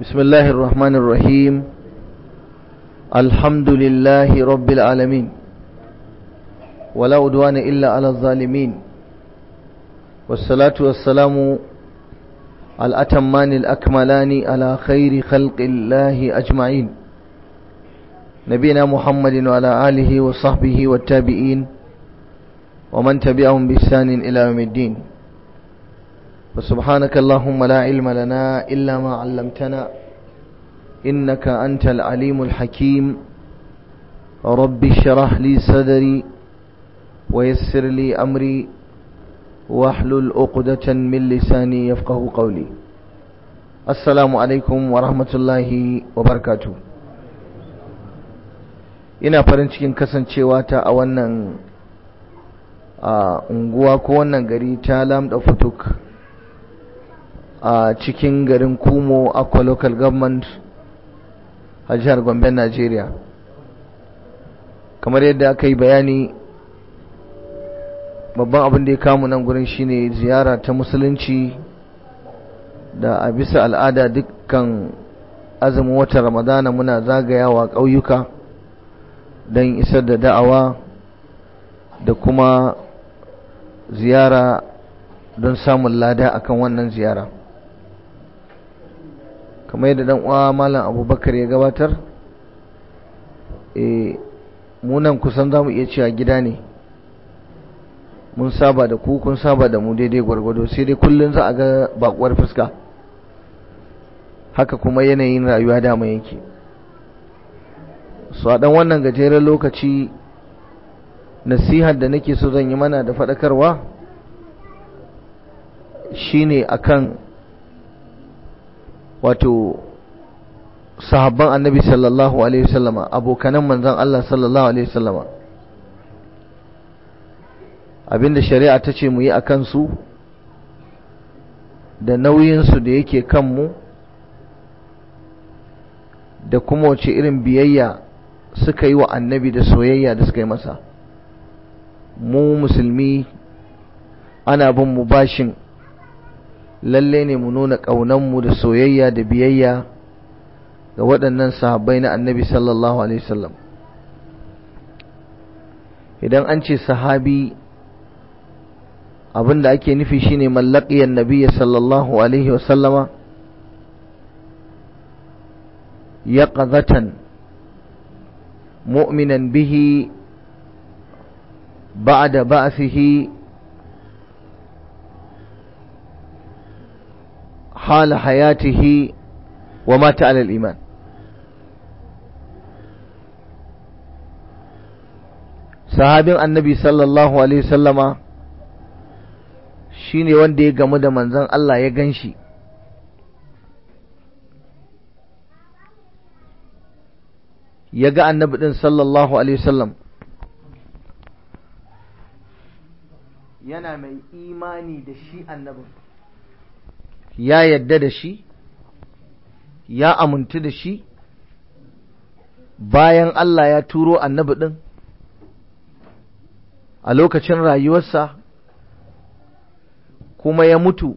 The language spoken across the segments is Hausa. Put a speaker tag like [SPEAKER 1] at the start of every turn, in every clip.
[SPEAKER 1] بسم الله الرحمن الرحيم الحمد لله رب العالمين ولا عدوان إلا على الظالمين والصلاة والسلام الأتمان الأكملان على خير خلق الله أجمعين نبينا محمد وعلى آله وصحبه والتابعين ومن تبعهم بإحسان إلى يوم الدين وسبحانك اللهم لا علم لنا إلا ما علمتنا إنك أنت العليم الحكيم رب اشرح لي صدري ويسر لي أمري واحلل عقدة من لساني يفقه قولي السلام عليكم ورحمة الله وبركاته ina farin cikin kasancewa ta a wannan unguwa ko wannan gari ta lamda futuk a cikin garin kumo akwa local government a jihar gombe nigeria kamar yadda aka yi bayani babban abin da ya kamu nan gurin shine ziyara ta musulunci da a bisa al'ada dukkan azumin watan ramadana muna zagayawa ƙauyuka don isar da da'awa da kuma ziyara don samun lada akan wannan ziyara kamar yadda dan uwa malam abubakar ya gabatar e eh, munan kusan za mu iya cewa gida ne mun saba da ku saba da mu daidai gwargwado sai dai kullum za a ga bakuwar fuska haka kuma yanayin rayuwa dama yake su a dan wannan gajeren lokaci nasihar da nake so zan yi mana da faɗakarwa shine akan wato sahabban annabi sallallahu alaihi wasallama abokanan manzon Allah sallallahu alaihi wasallama abinda shari'a ta ce mu yi a kansu da nauyinsu da yake kanmu da kuma wace irin biyayya suka yi wa annabi da soyayya da suka yi masa mu musulmi ana bin mu bashin lalle ne mu nuna ƙaunanmu da soyayya da biyayya ga waɗannan sahabbai na annabi sallallahu alaihi wasallam idan an ce sahabi da ake nufi shine mallaƙiyar nabiya sallallahu alaihi wasallama ya ƙazatan mu'minan bihi ba'ada ba'asihi حال حياته ومات على الإيمان sahabin annabi sallallahu alaihi sallama shine wanda ya gamu da manzon Allah ya ganshi. ya ga annabi din sallallahu alaihi sallam yana mai imani da shi annabin ya yadda da shi ya amintu da shi bayan Allah ya turo annabi ɗin a lokacin rayuwarsa kuma ya mutu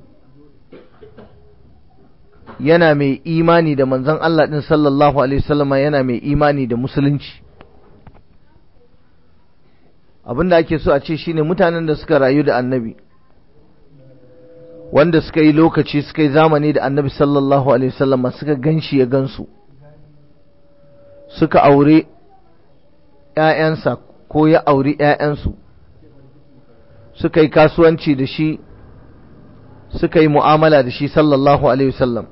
[SPEAKER 1] yana mai imani da manzon Allah ɗin sallallahu Alaihi wasallama yana mai imani da musulunci Abin da ake so a ce shine mutanen da suka rayu da annabi wanda suka yi lokaci suka yi zamani da annabi sallallahu alaihi wasallam suka ganshi ya gansu suka aure ‘ya'yansa ko ya aure ‘ya'yansu suka yi kasuwanci da shi suka yi mu'amala da shi sallallahu alaihi wasallam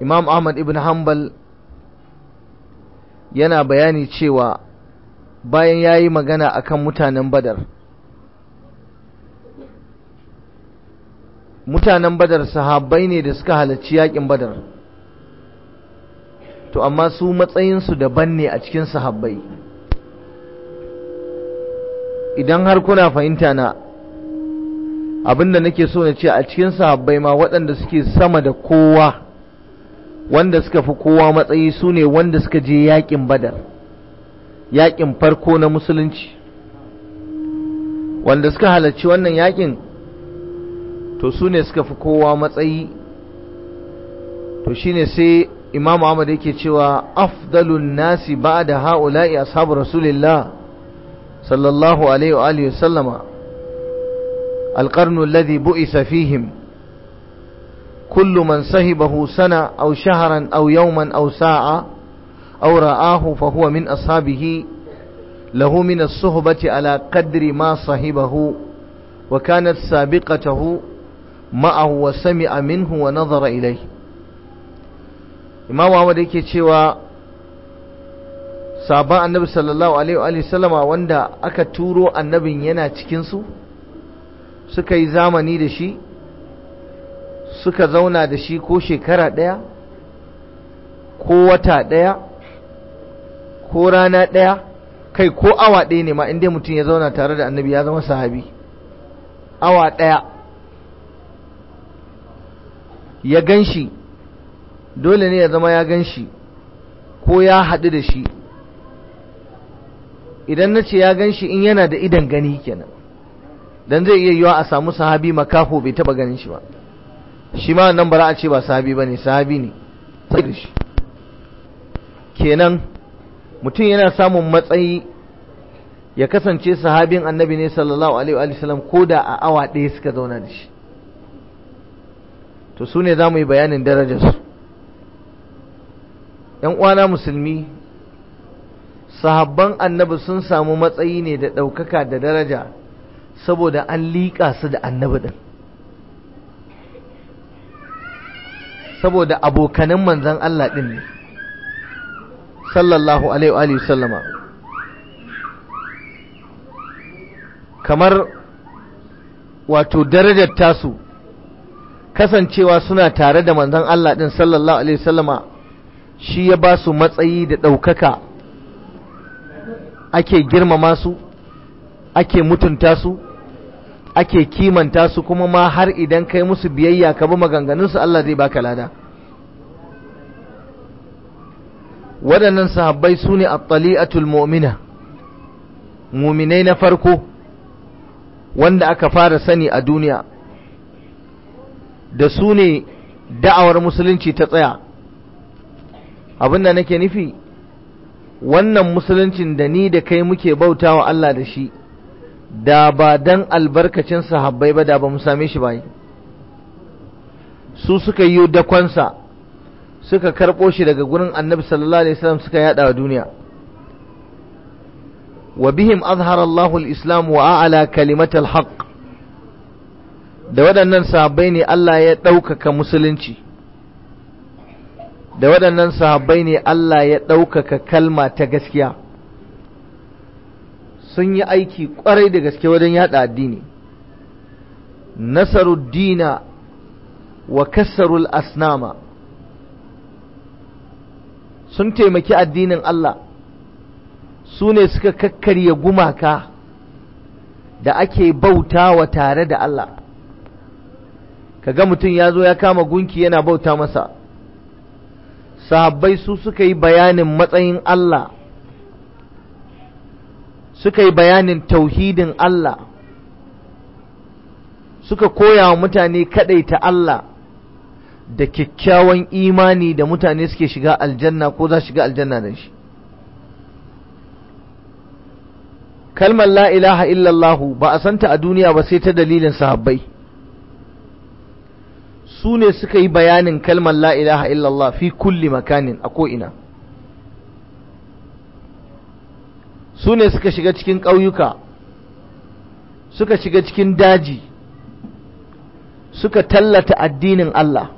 [SPEAKER 1] imam ahmad ibn hanbal yana bayani cewa bayan ya yi magana akan mutanen badar mutanen badar sahabai ne da suka halarci yakin badar to amma su matsayinsu daban ne a cikin sahabbai idan har kuna fahimta na abinda nake so na ce a cikin sahabbai ma waɗanda suke sama da kowa wanda suka fi kowa matsayi su ne wanda suka je yakin badar yakin farko na musulunci wanda suka halarci wannan yakin to su ne suka fi kowa matsayi to shi ne sai Imam ahmad yake cewa afdalun nasi ba da ha'ula'i a sabu rasulillah sallallahu alaihi wa sallama alƙarnun ladhi bu isa fihim kullum man sahibahu sana au shaharan au yawman au sa'a au ra'ahu fa huwa min ashabihi lahu min as-suhbati ala qadri ma sahibahu wa kanat ma'ahu wa sami'a minhu wa nazara ilai imam Ahmad yake cewa sabon annabi sallallahu alaihi wa sallama wanda aka turo annabin yana cikinsu suka yi zamani da shi suka zauna da shi ko shekara ɗaya ko wata ɗaya ko rana ɗaya kai ko awa ɗaya ne ma inda mutum ya zauna tare da annabi ya zama sahabi awa ɗaya ya gan shi dole ne ya zama ya gan shi ko ya haɗu da shi idan na ce ya gan shi in yana da idan gani kenan don zai iya yiwa a samu sahabi makafo bai taɓa ganin shi ba shi ma nan bara a ce ba sahabi ne sahabi ne sai da shi kenan mutum yana samun matsayi ya kasance sahabin annabi ne sallallahu alaihi wa sallam ko da a awa ɗaya suka zauna da shi to su ne za mu yi bayanin darajarsu ‘yan uwana musulmi sahabban annabi sun samu matsayi ne da ɗaukaka da daraja saboda an liƙa su da annabi ɗin saboda abokanin manzan Allah ɗin ne sallallahu alaihi sallama kamar wato darajar tasu kasancewa suna tare da manzon Allah din sallallahu alaihi wasallama shi ya ba su matsayi da ɗaukaka ake girmama su ake mutunta su ake kimanta su kuma ma har idan kai musu biyayya ka bi su Allah zai baka lada waɗannan sahabbai su ne at-tali'atul mu'mina muminai na farko wanda aka fara sani a duniya da su ne da'awar musulunci ta tsaya abin da nake nufi wannan musuluncin da ni da kai muke bauta wa Allah da shi da ba dan albarkacin sahabbai ba da ba mu same shi bai, su suka yi dakonsa suka karɓo shi daga gurin annabi sallallahu alaihi wasallam suka yada wa duniya wa bihim azhara Allahul islam wa a'ala kalimatal haqq da waɗannan sahabbai ne Allah ya ɗaukaka musulunci da waɗannan sahabbai ne Allah ya ɗaukaka kalma ta gaskiya sun yi aiki ƙwarai da gaske wajen yaɗa addini dina wa kasarul asnama sun taimaki addinin Allah su ne suka kakkarya gumaka da ake bautawa tare da Allah Ka ga mutum ya zo ya kama gunki yana bauta masa sahabbai su suka yi bayanin matsayin Allah suka yi bayanin tauhidin Allah suka koya wa mutane ta Allah da kyakkyawan imani da mutane suke shiga aljanna ko za shiga aljanna da shi kalmar la ilaha illallahu ba a santa a duniya ba sai ta dalilin sahabbai su ne suka yi bayanin kalmar la ilaha illallah fi kulli makanin a ko'ina su ne suka shiga cikin ƙauyuka suka shiga cikin daji suka tallata addinin Allah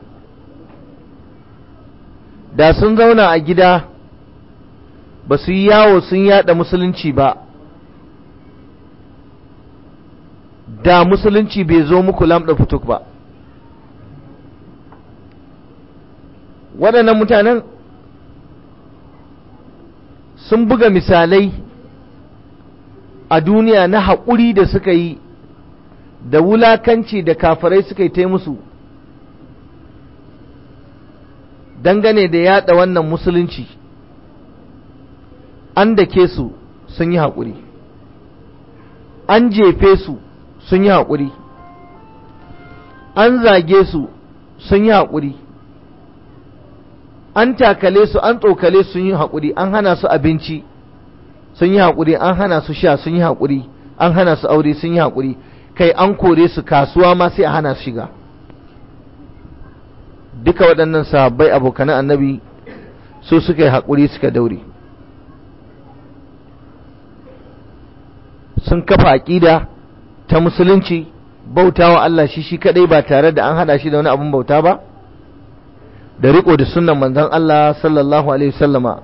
[SPEAKER 1] da sun zauna a gida ba su yi yawo sun yada musulunci ba da musulunci bai zo muku lamɗa fituk ba waɗannan mutanen sun buga misalai a duniya na haƙuri da suka yi da wulakanci da kafarai suka yi ta musu dangane da yada wannan musulunci an da ke su sun yi haƙuri an jefe su sun yi haƙuri an zage su sun yi haƙuri an takale su an tsokale sun yi haƙuri an hana su abinci sun yi haƙuri an hana su sha sun yi haƙuri an hana su aure sun yi haƙuri kai an kore su kasuwa ma sai a hana su shiga duka waɗannan sahabbai abokanan annabi su suka yi haƙuri suka daure sun kafa aƙida ta musulunci bautawa Allah shi shi kaɗai ba tare da an haɗa shi da wani abin bauta ba da riko da sunan manzon Allah sallallahu alaihi wasallama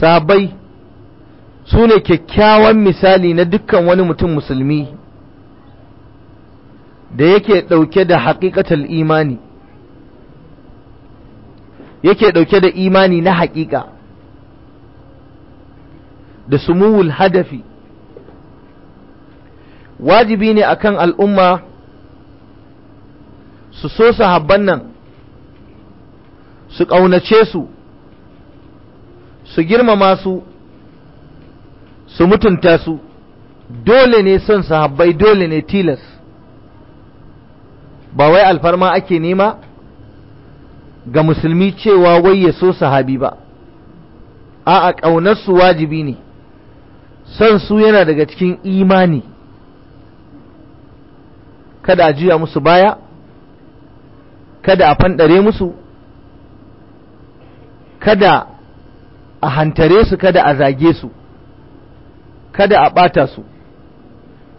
[SPEAKER 1] sahabbai su ne kyakkyawan misali na dukkan wani mutum musulmi da yake ɗauke da haƙiƙatar imani yake ɗauke da imani na haƙiƙa da sumuwul hadafi wajibi ne akan al'umma su so sahabban nan su ƙaunace su su girmama su su mutunta su dole ne son sahabbai dole ne tilas ba wai alfarma ake nema ga musulmi cewa wai ya so sahabi ba a a su wajibi ne son su yana daga cikin imani kada a juya musu baya kada a fanɗare musu kada a hantare su kada a zage su kada a ɓata su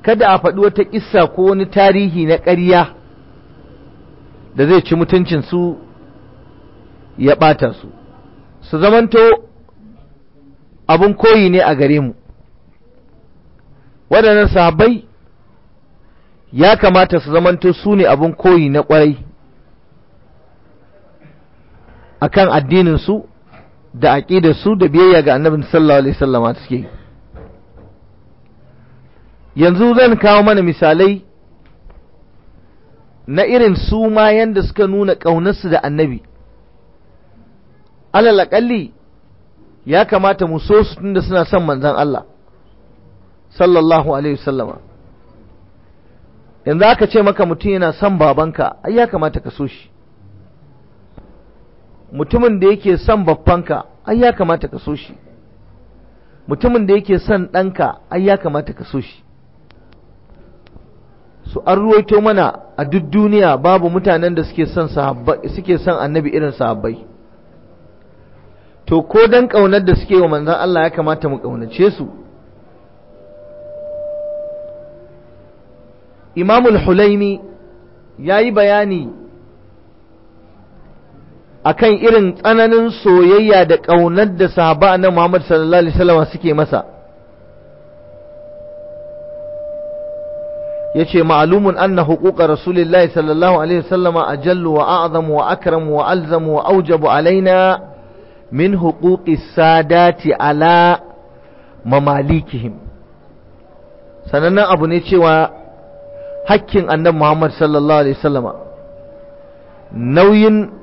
[SPEAKER 1] kada a faɗi wata ƙissa ko wani tarihi na ƙarya da zai ci mutuncinsu ya ɓata su su zamanto abin koyi ne a gare mu waɗannan sahabbai ya kamata su zamanto su ne abin koyi na ƙwarai akan addinin su da aqidar su da biyayya ga annabi sallallahu alaihi wasallam suke yanzu zan kawo mana misalai na irin su ma yanda suka nuna ƙaunarsu da annabi alal aqalli ya kamata mu so su tunda suna son manzan Allah sallallahu alaihi wasallama yanzu aka ce maka mutum yana son babanka ai ya kamata ka so shi mutumin da yake son babbanka ai ya kamata ka so shi mutumin da yake son ɗanka ai ya kamata ka so shi su an ruwaito mana a duk duniya babu mutanen da suke son suke son annabi irin sahabbai to ko dan ƙaunar da suke wa manzan Allah ya kamata mu ƙaunace su imamul hulaimi ya yi bayani akan irin tsananin soyayya da ƙaunar da sahaba na Muhammad sallallahu alaihi wasallam suke masa yace ma'lumun anna huquqa rasulillahi sallallahu alaihi wasallam ajallu wa a'zamu wa akramu wa alzamu wa aujabu alaina min huquqi sadati ala mamalikihim sanannen abu ne cewa hakkin annabi Muhammad sallallahu alaihi wasallam nauyin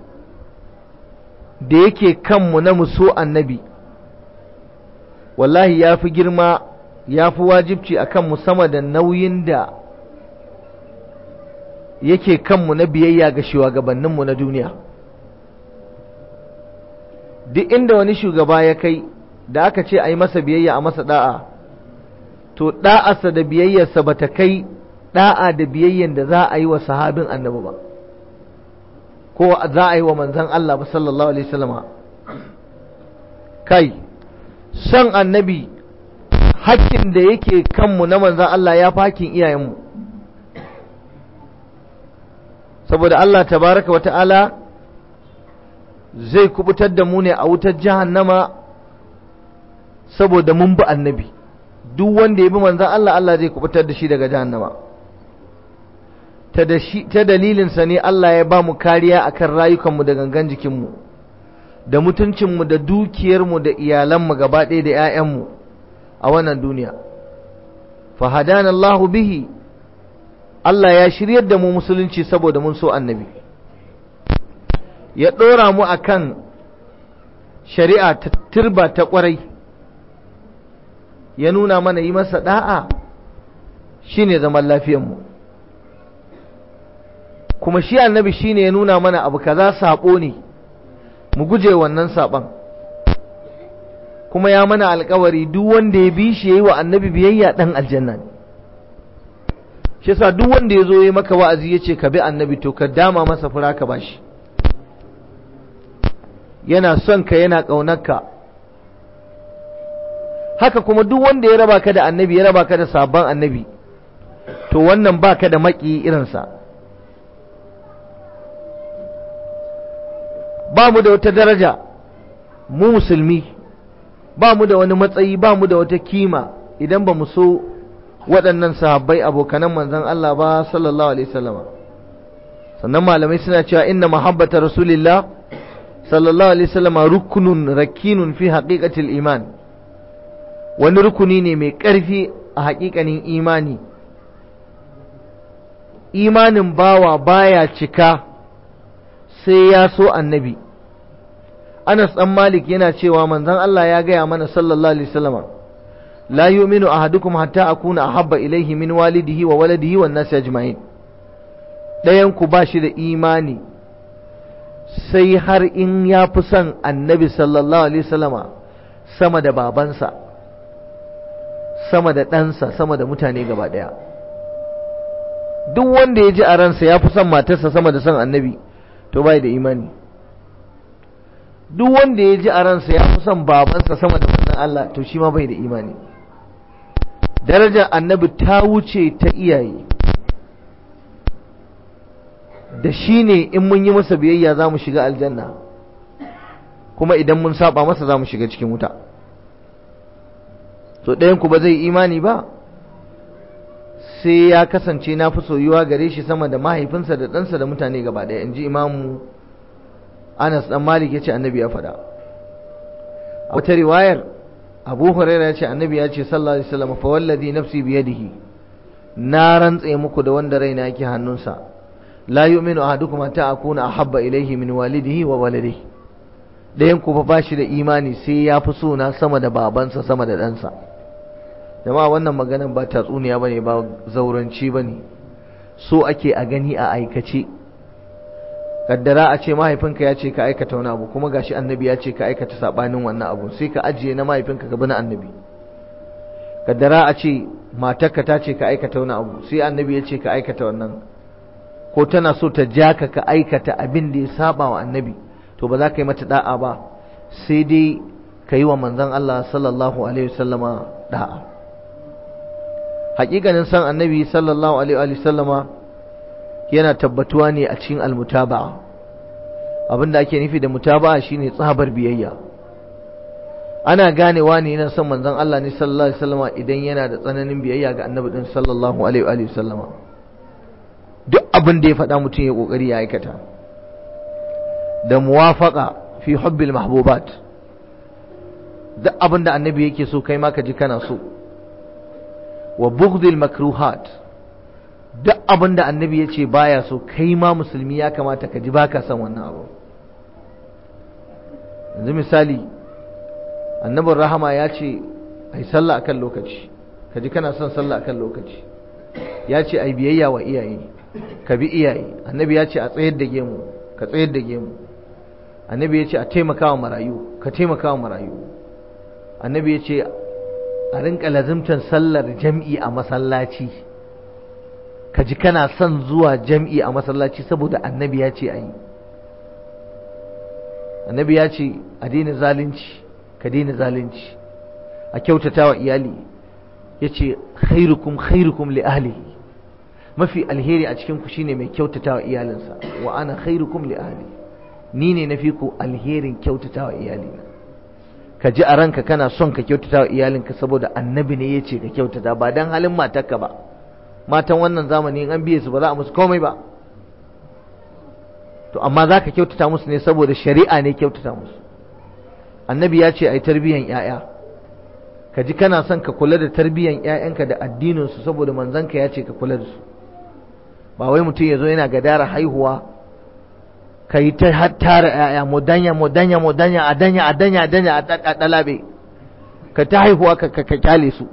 [SPEAKER 1] da yake kanmu na muso annabi wallahi ya fi girma ya fi wajibci a kanmu sama da nauyin da yake kanmu na biyayya ga shugabanninmu na duniya duk inda wani shugaba ya kai da aka ce a yi masa biyayya a masa da'a to da'arsa da biyayyarsa ba ta kai da'a da biyayyan da za a yi wa sahabin annabi ba ko za a yi wa manzan Allah ba sallallahu alaihi wasallama kai son annabi hakkin da yake kanmu na manzan Allah ya fi iyayenmu saboda Allah tabaraka wa ta'ala zai kubutar da mu ne a wutar jahannama saboda mun bi annabi duk wanda ya bi manzan Allah Allah zai kubutar da shi daga jahannama ta dalilinsa ne Allah ya ba mu kariya a kan rayukanmu da gangan jikinmu da mutuncinmu da dukiyarmu da iyalanmu gaba ɗaya da 'ya'yanmu a wannan duniya fahadan Allah bihi Allah ya shirya da mu musulunci saboda mun so annabi ya ɗora mu akan shari'a ta turba ta ƙwarai ya nuna mana yi masa ɗa'a shine zaman lafiyanmu kuma shi annabi shi shine ya nuna mana abu kaza sabo ne mu guje wannan saban kuma ya mana alkawari duk wanda ya bi shi yayi wa annabi biyayya dan aljanna ne shi yasa duk wanda ya zo yi maka wa'azi ya ce ka bi annabi to ka dama masa fura ka bashi yana son ka yana ka haka kuma duk wanda ya raba ka da annabi ya raba ka da sabon annabi to wannan ba ka da maki irinsa ba mu da wata daraja mu musulmi ba mu da wani matsayi ba mu da wata kima idan ba mu so waɗannan sahabbai abokanan manzon Allah ba sallallahu alaihi wasallama sannan malamai suna cewa inna mahabbata rasulillah sallallahu alaihi wasallama rukunun rakinun fi haƙiƙatil iman wani rukuni ne mai ƙarfi a haƙiƙanin imani imanin bawa baya cika sai ya so annabi Anas dan Malik yana cewa manzon Allah ya gaya mana sallallahu alaihi wasallam la yu'minu ahadukum hatta akuna ahabba ilayhi min walidihi wa waladihi wan nasi ajma'in dayan ku shi da imani sai har in ya fi son annabi sallallahu alaihi wasallam sama da babansa sama da ɗansa sama da mutane gaba ɗaya duk wanda ya ji a ransa ya fi son matarsa sama da son annabi to bai da imani duk wanda ya ji a ransa ya fi son babansa sama da wannan Allah to shi ma bai da imani darajar annabi ta wuce ta iyaye da shi ne in mun yi masa biyayya za mu shiga aljanna kuma idan mun saba masa za mu shiga cikin wuta to ɗayan ku ba zai imani ba sai ya kasance na fi soyuwa gare shi sama da mahaifinsa da ɗansa da mutane gaba ɗaya in ji imamu anas ɗan malik ya ce annabi ya faɗa a wata riwayar abu huraira ya ce annabi ya ce sallallahu alaihi wasallam fa wallazi nafsi yadihi na rantse muku da wanda raina yake hannunsa la yu'minu ahadukum hatta akuna ahabba ilayhi min walidihi wa waladihi dayan ku fa bashi da imani sai ya fi so na sama da babansa sama da ɗansa jama'a wannan maganan ba tatsuniya bane ba zauranci bane so ake a gani a aikace kaddara a ce mahaifinka ya ce ka aikata wani abu kuma gashi annabi ya ce ka aikata sabanin wannan abu sai ka ajiye na mahaifinka ga na annabi kaddara a ce matarka ta ce ka aikata wani abu sai annabi ya ce ka aikata wannan ko tana so ta ja ka ka aikata abin da ya saba wa annabi to ba za ka yi mata da'a ba sai dai ka yi wa manzon Allah sallallahu alaihi wasallama da'a haƙiƙanin san annabi sallallahu alaihi sallama yana tabbatuwa ne a cikin almutaba'a abinda ake nufi da mutaba'a shine tsabar biyayya ana ganewa ne yana son manzon Allah ne sallallahu alaihi sallama idan yana da tsananin biyayya ga annabi din sallallahu alaihi sallama duk abin da ya faɗa mutum ya kokari ya aikata da muwafaqa fi hubbil mahbubat duk abin da annabi yake so kai ma ka ji kana so wa bughdil makruhat duk abin da annabi yace baya so kai ma musulmi ya kamata ka ji baka san wannan abu yanzu misali annabin rahama ya ce ai sallah akan lokaci ka ji kana son sallah akan lokaci ya ce ai biyayya wa iyaye ka bi iyaye annabi ya ce a tsayar da gemu ka tsayar da gemu annabi ya ce a taimaka wa marayu ka taimaka wa marayu annabi ya ce a rinka lazimtar sallar jam'i a masallaci ka ji kana son zuwa jam'i a masallaci saboda annabi ya ce a yi annabi ya ce a daina zalunci ka daina zalunci a kyautata wa iyali ya ce khairukum khairukum li ahlihi mafi alheri a cikin ku shine mai kyautata wa iyalinsa wa ana khairukum li ahli ni ne na fi ku alherin kyautata wa iyalina ka ji a ranka kana son ka kyautata wa iyalinka saboda annabi ne ya ce ka kyautata ba don halin matarka ba matan wannan zamani in an biye su ba za a musu komai ba to amma za ka kyautata musu ne saboda shari'a ne kyautata musu annabi ya ce a yi tarbiyyan 'ya'ya ka ji kana son ka kula da tarbiyyan 'ya'yanka da addininsu saboda manzanka ya ce ka kula da su ba wai mutum ya zo yana gadara haihuwa ka yi ta hattara ‘ya'ya danya mu danya a danya a danya a danya a ɗalabe ka ta haihuwa ka kyale su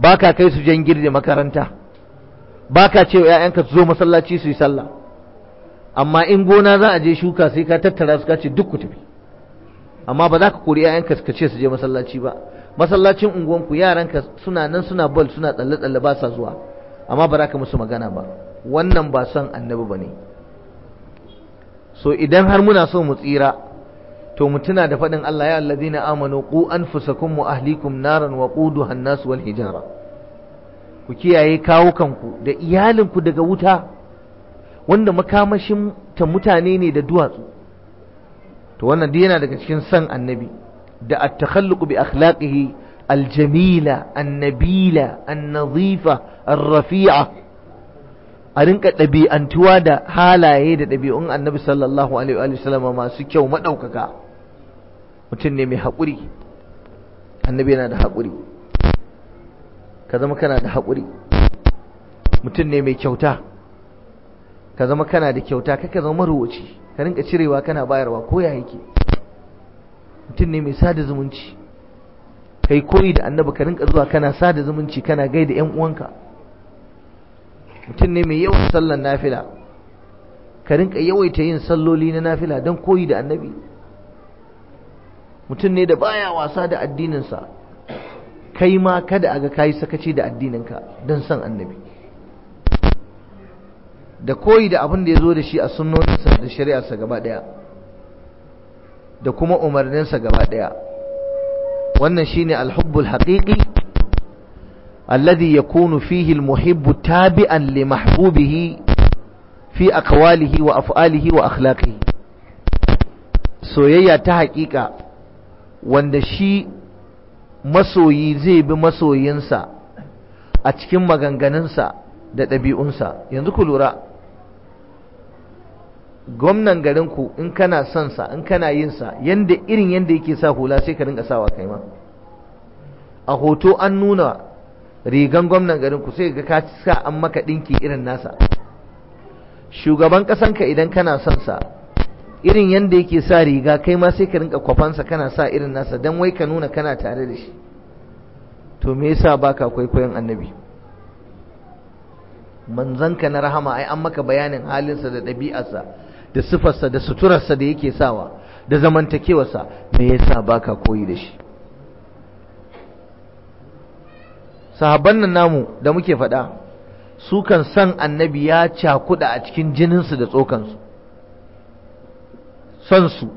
[SPEAKER 1] ba ka kai su jan girde makaranta ba ka ce wa ‘ya'yanka su zo masallaci su yi sallah amma in gona za a je shuka sai ka tattara su kace ce duk ku tafi amma ba za ka kori ‘ya'yanka ka ce su je masallaci ba masallacin unguwanku yaranka suna nan suna bol suna tsalle-tsalle ba sa zuwa amma ba za ka musu magana ba wannan ba son annabi ba ne so idan har muna so mu tsira to mu tuna da faɗin Allah ya allazina amanu ku anfusakum wa ahlikum naran wa quduha an-nas wal hijara ku kiyaye kawo kanku da iyalinku daga wuta wanda makamashin ta mutane ne da duwatsu to wannan dai yana daga cikin san annabi da at-takhalluq bi akhlaqihi al-jamila an-nabila an-nadhifa ar-rafi'a a rinka ɗabi'antuwa da halaye da ɗabi'un annabi sallallahu alaihi wa sallam masu kyau maɗaukaka mutum ne mai haƙuri annabi yana da haƙuri ka zama kana da haƙuri mutum ne mai kyauta ka zama kana da kyauta ka zama marowaci ka rinka cirewa kana bayarwa ko ya yake mutum ne mai sada zumunci kai koyi da annabi ka rinka zuwa kana sada zumunci kana gaida yan uwanka mutum ne mai yawan sallar nafila ka rinka yawaita yin salloli na nafila don koyi da annabi mutum ne da baya wasa da addininsa kai ma kada a ga kayi sakaci da addininka don san annabi da koyi da abin da ya zo da shi a sunnoninsa da shari'arsa gaba ɗaya da kuma umarninsa gaba ɗaya wannan shine alhubbul haƙiƙi الذي يكون فيه المحب تابعا لمحبوبه في أقواله وأفعاله وأخلاقه soyayya ta hakika wanda shi masoyi zai bi masoyinsa a cikin maganganunsa da ɗabi'unsa yanzu ku lura gwamnan garinku in kana son sa in kana yin yanda irin yanda yake sa hula sai ka rinka sawa kai ma a hoto an nuna rigan gwamnan garin ku sai ga ka sa an maka dinki irin nasa shugaban ka idan kana son sa irin yanda yake sa riga kai ma sai ka rinka sa kana sa irin nasa dan wai ka nuna kana tare da shi to me yasa baka kwaikwayon annabi manzanka na rahama ai an maka bayanin halinsa da ɗabi'arsa da sifarsa da suturarsa da yake sawa da zamantakewasa me yasa baka koyi da shi sahabban nan namu da muke faɗa su kan san annabi ya cakuɗa a cikin jininsu da tsokansu Sonsu, su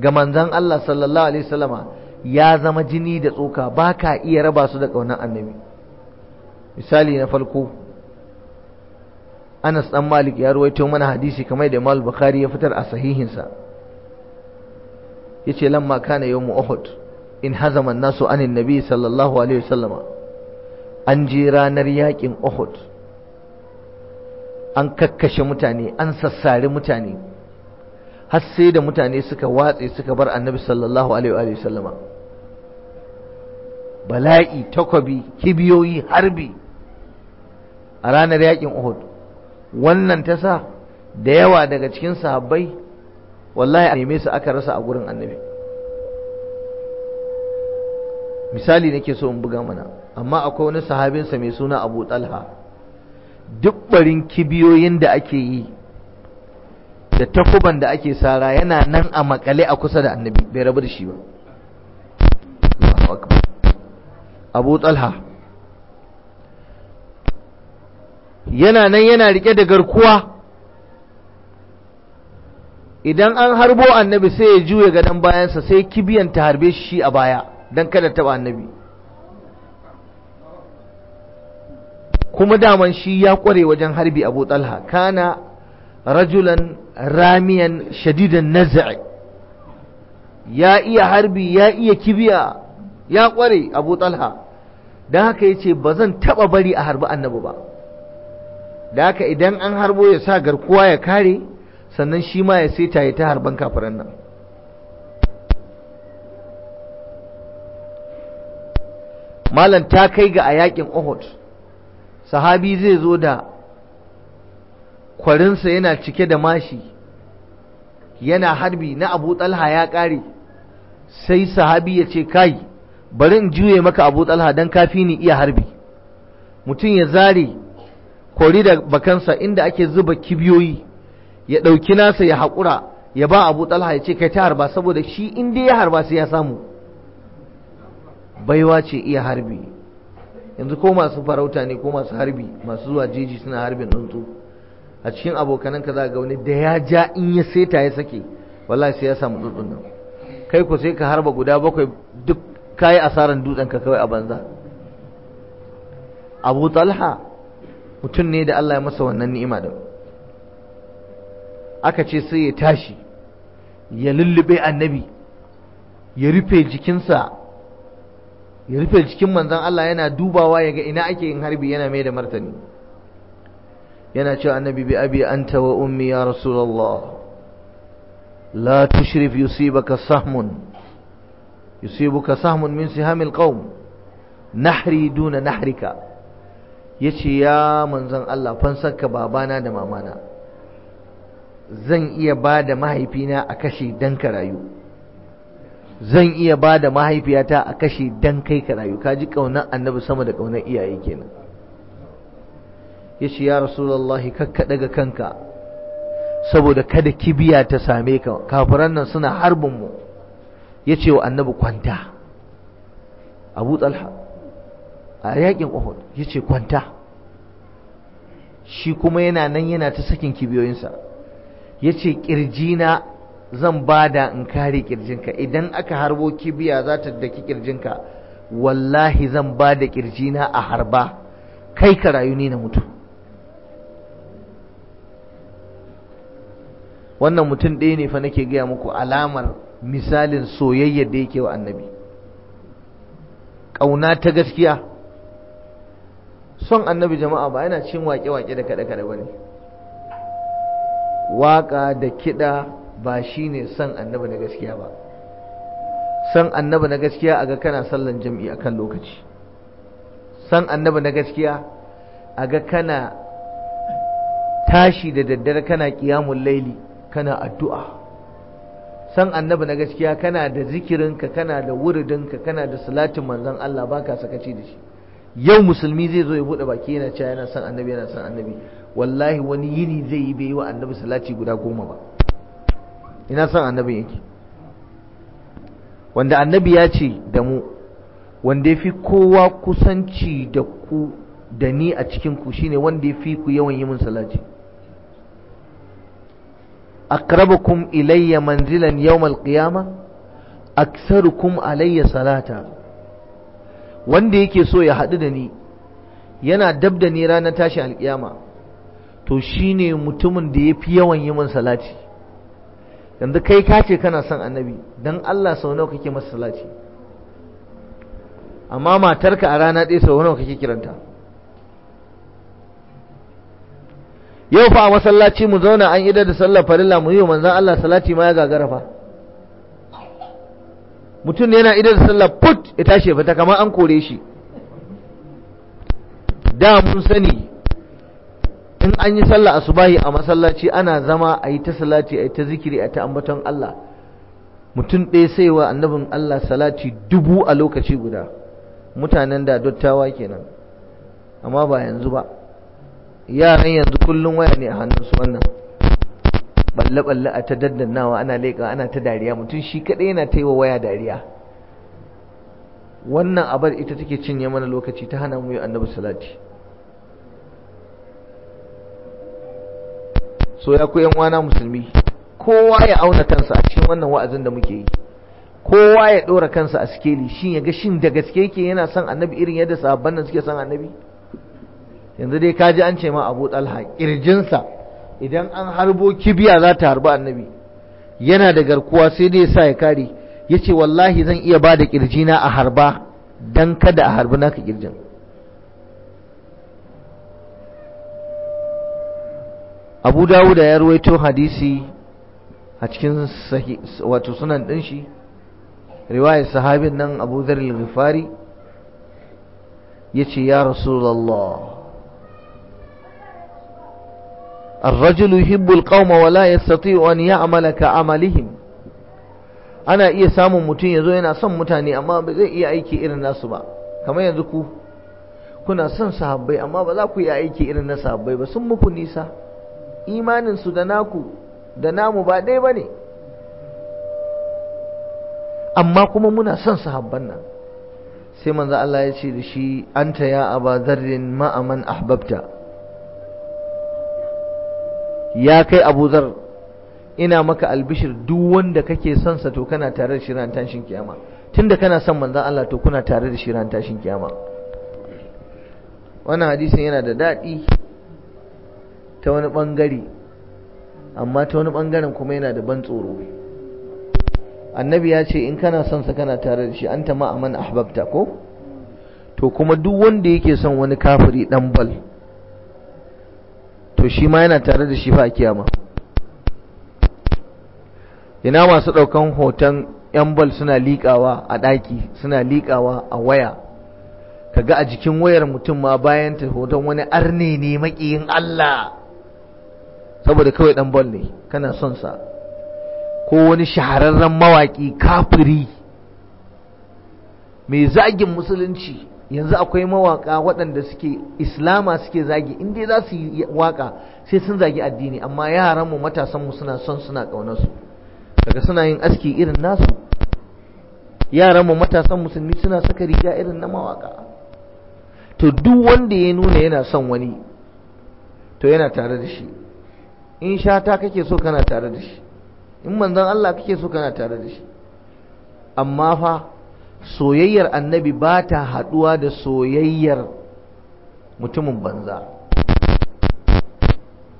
[SPEAKER 1] ga manzan Allah sallallahu alaihi wasallama ya zama jini da tsoka ba ka iya raba su da ƙaunar annabi misali na farko Anas dan Malik ya ruwaito mana hadisi kamar da Imam Bukhari ya fitar a sahihinsa yace lamma kana yawm Uhud in hazama an-nasu anin nabi sallallahu alaihi wasallama an je ranar yakin Uhud an kakkashe mutane an sassare mutane har sai da mutane suka watse suka bar annabi sallallahu alaihi wa sallama bala'i takobi kibiyoyi harbi a ranar yakin Uhud wannan ta sa da yawa daga cikin sahabbai wallahi a neme su aka rasa a gurin annabi misali nake so in buga mana amma akwai wani sahabinsa mai suna abu talha duk barin kibiyoyin da ake yi da takuban da ake sara yana nan a makale a kusa da annabi bai rabu da shi ba abu talha yana nan yana rike da garkuwa idan an harbo annabi sai ya juya dan bayansa sai kibiyan ta harbe shi a baya don kada taba annabi kuma daman shi ya kware wajen harbi abu talha kana rajulan ramiyan shadidan naz'i ya iya harbi ya iya kibiya ya kware abu talha don haka yace ba zan taba bari a harbi annabi ba da haka idan an harbo ya sa garkuwa ya kare sannan shi ma ya ta ya ta harban kafiran nan malam ta kai ga a yakin Uhud sahabi zai zo da kwarinsa yana cike da mashi yana harbi na abu talha ya kare sai sahabi ya ce kai bari in juye maka abu talha don kafi ni iya harbi mutum ya zare kori da bakansa inda ake zuba kibiyoyi ya ɗauki nasa ya haƙura ya ba abu talha ya ce kai ta harba saboda shi inda ya harba sai ya samu baiwa ce iya harbi yanzu ko masu farauta ne ko masu harbi masu zuwa jeji suna harbin tsuntsu a cikin abokanan ka za ga wani da ya ja in ya seta ya sake wallahi sai ya samu tsuntsun nan kai ku sai ka harba guda bakwai duk kayi asaran dutsen ka kawai a banza Abu Talha mutum ne da Allah ya masa wannan ni'ima da aka ce sai ya tashi ya lullube annabi ya rufe jikinsa ya rufe cikin manzon Allah yana dubawa yaga ina ake yin harbi yana mai da martani yana cewa annabi bi abi anta wa ummi ya rasulullah la tushrif yusibaka sahmun yusibuka sahmun min sihamil qaum nahri duna nahrika yace ya manzon Allah fansarka babana da mamana zan iya ba da mahaifina a kashe dan ka rayu zan iya ba da mahaifiyata a kashe dan kai ka rayu ka ji ƙaunar annabi sama da ƙaunar iyaye kenan ya ce ya rasulallahi kakka daga kanka saboda kada kibiya ta same ka kafiran nan suna harbin mu ya ce wa annabi kwanta abu talha a yakin uhud ya ce kwanta shi kuma yana nan yana ta sakin kibiyoyinsa ya ce ƙirji na. zan bada in kare kirjinka idan aka harbo kibiya za ta daki kirjinka wallahi zan bada kirjina a harba kai ka rayu ni na mutu wannan mutum ɗaya ne fa nake gaya muku alamar misalin soyayya da yake wa annabi ƙauna ta gaskiya son annabi jama'a ba yana cin waƙe-waƙe da kaɗe-kaɗe ba ne waƙa da kiɗa ba shi ne san annaba na gaskiya ba san annaba na gaskiya a ga kana sallan jam'i kan lokaci san annaba na gaskiya a ga kana tashi da daddare kana ƙiyamun laili kana addu'a san annaba na gaskiya kana da zikirinka kana da wuridinka kana da salatin manzon Allah baka sakaci da shi yau musulmi zai zo ya buɗe baki yana cewa yana san annabi yana san annabi wallahi wani yini zai yi bai yi wa annabi salati guda goma ba ina son annabi yake wanda annabi ya ce da mu wanda ya fi kowa kusanci da ku da ni a cikinku shine wanda ya fi ku yawan yi min salati akrabukum ilayya manzilan yawmal qiyama aksarukum alayya salata wanda yake so ya haɗu da ni yana dab da ni ranar tashi alƙiyama to shine mutumin da ya fi yawan yi min salati yanzu kai ka ce kana son annabi don Allah sau nawa kake masa salati amma matarka a rana ɗaya sau nawa kake kiranta yau fa a masallaci mu zauna an idar da sallar farilla mu yi wa manzan Allah salati ma ya gagara fa mutum yana idar da sallar put ya tashi ya fita kamar an kore shi da mun sani in an yi sallah asubahi a masallaci ana zama a yi ta salati a yi ta zikiri a ta ambaton Allah mutum ɗaya sai wa annabin Allah salati dubu a lokaci guda mutanen da dottawa kenan amma ba yanzu ba yaran yanzu kullum waya ne a hannunsu wannan balle-balle a ta daddannawa ana leƙa ana ta dariya mutum shi kaɗai yana ta yi wa waya dariya wannan abar ita take cinye mana lokaci ta hana mu yi annabi salati so ya ku wana musulmi kowa ya auna kansa a cikin wannan wa'azin da muke yi kowa ya ɗora kansa a sikeli shin ya ga shin da gaske yake yana son annabi irin yadda sahabban nan suke son annabi yanzu dai kaji an ce ma abu talha kirjinsa idan an harbo kibiya za ta harbi annabi yana da garkuwa sai dai sa ya kare ya ce wallahi zan iya ba da kirjina a harba don kada a harbi naka kirjin abu Dawud ya ruwaito hadisi a cikin wato sunan ɗin shi riwayar sahabin nan abu zaril ghifari ya ce ya rasulallah الرجل يحب القوم ولا يستطيع أن ka كعملهم ana iya samun mutum ya zo yana son mutane amma ba zai iya aiki irin nasu ba kamar yanzu ku kuna son sahabbai amma ba za ku iya aiki irin na sahabbai ba sun muku nisa imaninsu da naku da namu ba ɗaya ba ne amma kuma muna son sahabban nan sai manzo Allah ya ce da shi anta ya aba zarrin ma'aman ahbabta ya kai abuzar ina maka albishir duk wanda kake son sa to kana tare da shi ran tashin kiyama tunda kana son manzo Allah to kuna tare da shi ran tashin kiyama wannan hadisin yana da daɗi ta wani bangare amma ta wani bangaren kuma yana da ban tsoro annabi ya ce in kana son sa kana tare da shi ta ma aman ahbabta ko to kuma duk wanda yake son wani kafiri dan bal to shi ma yana tare da shi fa kiyama ina masu daukan hoton yan bal suna likawa a ɗaki suna likawa a waya kaga a jikin wayar mutum ma bayan ta hoton wani arne ne makiyin Allah saboda kawai ɗan ball ne kana son sa ko wani shahararren mawaki kafiri mai zagin musulunci yanzu akwai mawaka waɗanda suke islama suke zagi inda za su yi waka sai sun zagi addini amma yaran mu matasan mu suna son suna ƙaunar su daga suna yin aski irin nasu yaran mu matasan musulmi suna saka riga irin na mawaka to duk wanda ya nuna yana son wani to yana tare da shi in shata kake so kana tare da shi in manzon Allah kake so kana tare da shi amma fa soyayyar annabi ba ta haduwa da soyayyar mutumin banza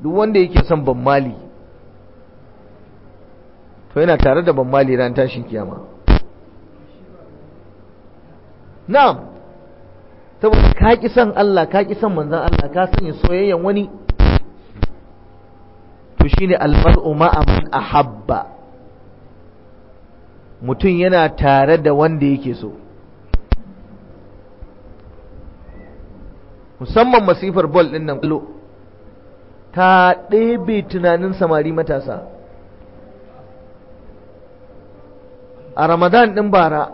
[SPEAKER 1] duk wanda yake son Bammali, to yana tare da Bammali ran tashin kiyama na'am saboda ka ki son Allah ka ki son manzon Allah ka sanya soyayyan wani to shine almar'u ma'a a ahabba mutum yana tare da wanda yake so musamman masifar bol ɗin nan kallo ta ɗebe tunanin samari matasa a ramadan ɗin bara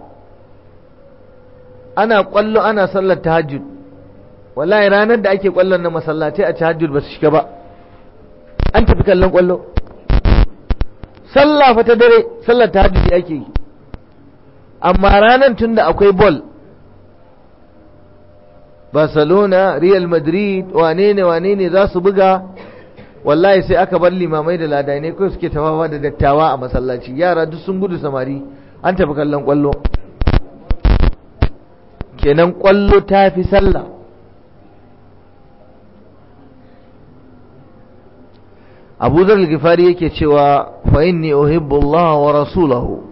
[SPEAKER 1] ana ƙwallo ana sallar tahajjud wallahi ranar da ake ƙwallon na masallatai a tahajjud ba su shiga ba an tafi kallon kwallo sallah fa ta dare sallar ta hajji ake yi amma ranar tun da akwai bol barcelona real madrid wane ne wane ne za su buga wallahi sai aka bar limamai da ladai ne kawai suke tafawa da dattawa a masallaci yara duk sun gudu samari an tafi kallon kwallo kenan kwallo ta fi sallah abu zar gifari yake cewa fa inni uhibbu Allah wa rasulahu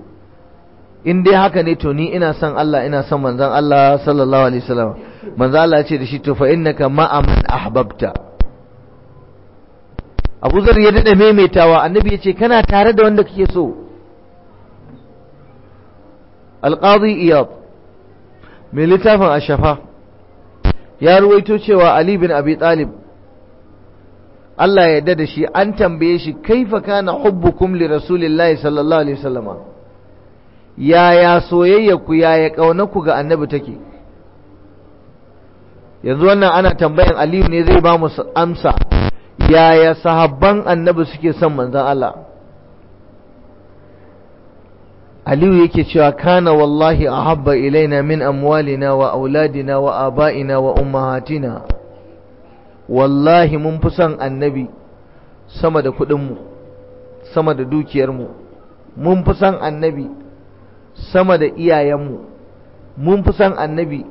[SPEAKER 1] in dai haka ne to ni ina son Allah ina son manzon Allah sallallahu alaihi wasallam manzon Allah ce da shi to fa innaka ma'a man ahbabta Abu Zar ya dade maimaitawa annabi ya ce kana tare da wanda kake so Al-Qadi Iyad mai littafin Ashafa ya ruwaito cewa Ali bin Abi Talib Allah ya yarda da shi an tambaye shi kaifa kana hubbukum li rasulillahi sallallahu alaihi wasallama yaya soyayya ku yaya kauna ku ga annabi take yanzu wannan ana tambayan Aliyu ne zai ba mu amsa yaya sahabban annabi suke son manzon Allah Aliyu yake cewa kana wallahi ahabba ilaina min amwalina wa auladina wa aba'ina wa ummahatina wallahi mun fi son annabi sama da kuɗinmu sama da dukiyarmu mun fi son annabi sama da iyayenmu mun fi son annabi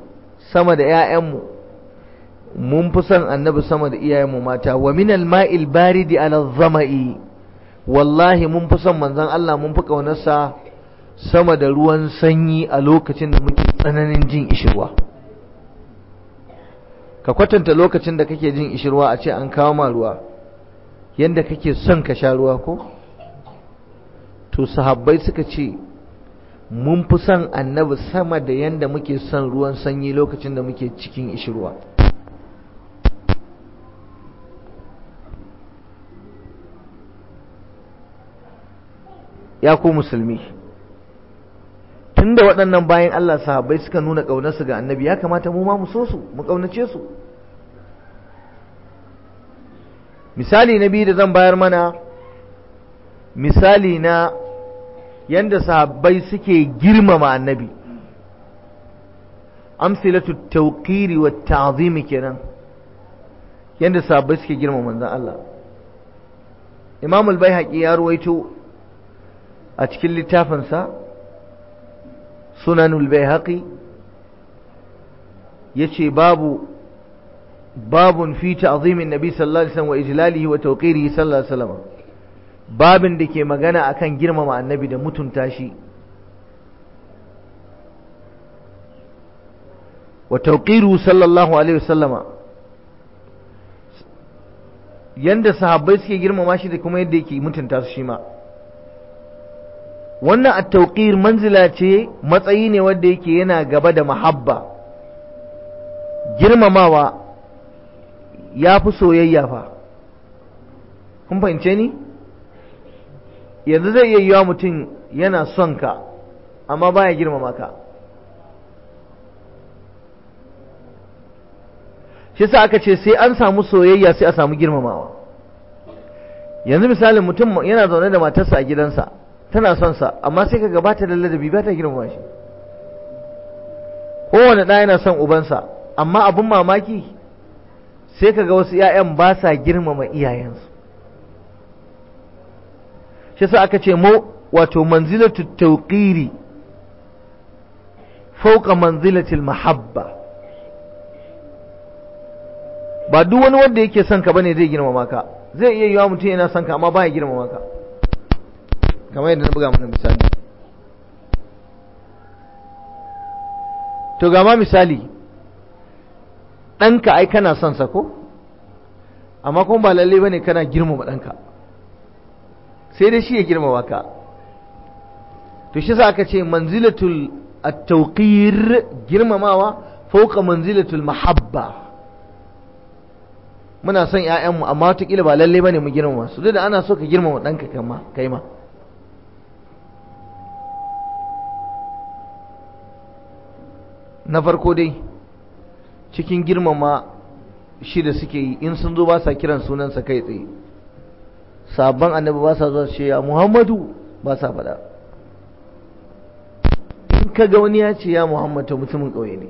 [SPEAKER 1] sama da 'ya'yanmu mun fi son annabi sama da iyayenmu mata wa minal ma'il baridi ala zama'i wallahi mun fi son manzon Allah mun fi ƙaunarsa sama da ruwan sanyi a lokacin da muke tsananin jin ishirwa. ka kwatanta lokacin da kake jin ishirwa a ce an kawo ma ruwa yadda kake son ka sha ruwa ko to sahabbai suka ce mun fi son annabi sama da yadda muke son ruwan sanyi lokacin da muke cikin ishirwa ya ku musulmi Tun da waɗannan bayan Allah sahabbai suka nuna ƙaunarsu ga annabi ya kamata mu ma mu so su mu ƙaunace su misali na biyu da zan bayar mana misali na yanda sahabbai suke girmama annabi amsilatu tawqiri wa ta'zim kenan yanda sahabbai suke girmama manzon Allah Imamul bayhaqi ya ruwaito a cikin littafinsa sunanul bayhaqi yace babu babun fi ta'zimin nabi sallallahu alaihi wasallam wa wa tawqirihi sallallahu babin da ke magana akan girmama annabi da mutunta shi wa tawqiru sallallahu alaihi wasallama yanda sahabbai suke girmama shi da kuma yadda yake mutunta su shi ma wannan at-tawqir manzila ce matsayi ne wanda yake yana gaba da mahabba girmamawa ya fi soyayya fa kun fahimce ni yanzu zai iya wa mutum yana son ka amma baya girmama ka shi sa aka ce sai an samu soyayya sai a samu girmamawa yanzu misalin mutum yana zaune da matarsa a gidansa tana son sa amma sai ka gabata da ladabi ba ta girma shi kowane ɗa yana son ubansa amma abin mamaki sai ka ga wasu 'ya'yan ba sa girmama iyayensu shi sa aka ce mu wato manzilatu tawqiri fauka manzilati mahabba ba duk wani wanda yake son ka bane zai girmama ka zai iya yiwa mutum yana son ka amma ba ya girmama ka kamar yadda na buga mana misali to gama misali ɗanka ai kana son sa ko amma kuma ba lalle bane kana girmama ɗanka sai dai shi ya girmama ka to shi za ka ce manzilatul at-tawqir girmamawa fauka manzilatul mahabba muna son ‘ya'yanmu amma wataƙila ba lalle ba ne mu girmama su duk da ana so ka girmama ɗanka kai ma na farko dai cikin girmama shi da suke yi in sun zo ba sa kiran sunansa kai tsaye sabon annabi ba sa zuwa ce ya muhammadu ba sa faɗa in ka ga wani ya ce ya muhammadu mutumin ƙauye ne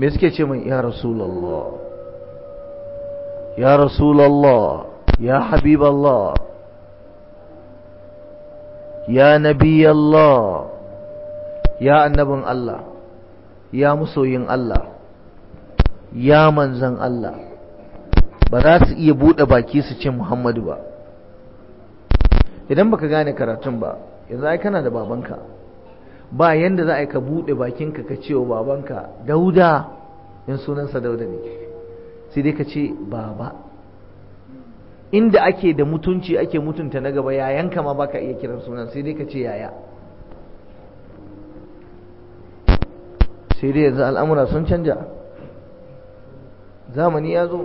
[SPEAKER 1] me suke ce mai ya rasulallah ya rasulallah ya habiballah ya nabiya ya annabin Allah ya musoyin Allah ya manzan Allah ba za su iya buɗe baki su ce Muhammadu ba idan baka gane karatun ba yanzu ai kana da babanka ba yanda za a yi ka buɗe bakinka ka ce wa babanka dauda in sunansa dauda ne sai dai ka ce baba inda ake da mutunci ake mutunta na gaba yayanka ma baka iya kiran sunan sai dai ka ce yaya sai dai yanzu al'amura sun canja zamani ya zo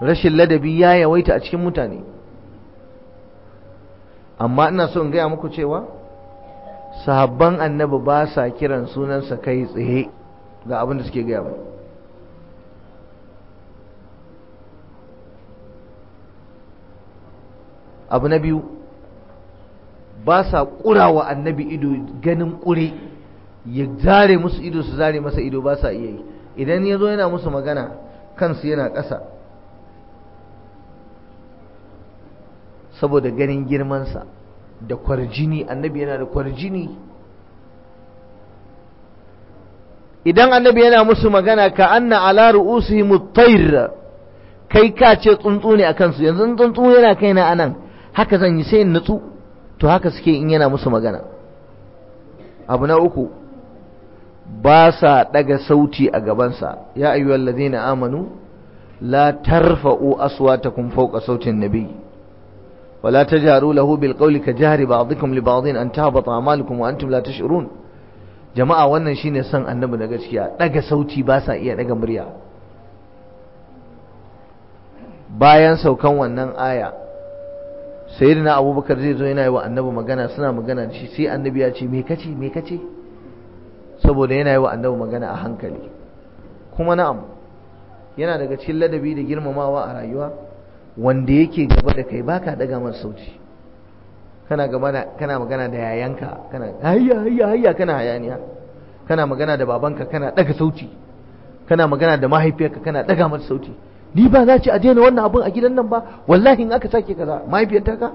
[SPEAKER 1] rashin ladabi ya yawaita a cikin mutane amma ina so in gaya muku cewa sahabban annabi ba sa kiran sunansa kai tsaye ga abin da suke gaya ba. abu na biyu ba sa kurawa annabi ido ganin kure. ya zare musu ido su zare masa ido ba sa iya yi idan ya zo yana musu magana kansu yana ƙasa saboda ganin girmansa da kwarjini annabi yana da kwarjini idan annabi yana musu magana ka anna ala ru'usihim at-tayr kai ka ce tsuntsu ne akan su yanzu tsuntsu yana kaina anan haka zan yi sai in nutsu to haka suke in yana musu magana abu na uku ba sa daga sauti a gabansa ya ayyuhal na amanu la tarfa'u aswatakum fawqa sautin nabi qawli ka jahri ba'dikum li ba'din an tahbata a'malukum wa antum la tash'urun jama'a wannan shine son annabi na gaskiya daga sauti ba sa iya daga murya bayan saukan wannan aya sayyidina abubakar zai zo yana yi wa annabi magana suna magana da shi sai annabi ya ce me kace me kace saboda yana yi wa annabi magana a hankali kuma na'am yana daga cikin ladabi da girmamawa a rayuwa wanda yake gaba da kai baka daga masa sauci kana gaba da kana magana da yayanka kana hayya hayya hayya kana hayaniya kana magana da babanka kana daga sauti kana magana da mahaifiyarka kana daga masa sauti ni ba za ci a daina wannan abin a gidan nan ba wallahi in aka sake kaza mahaifiyar ta ka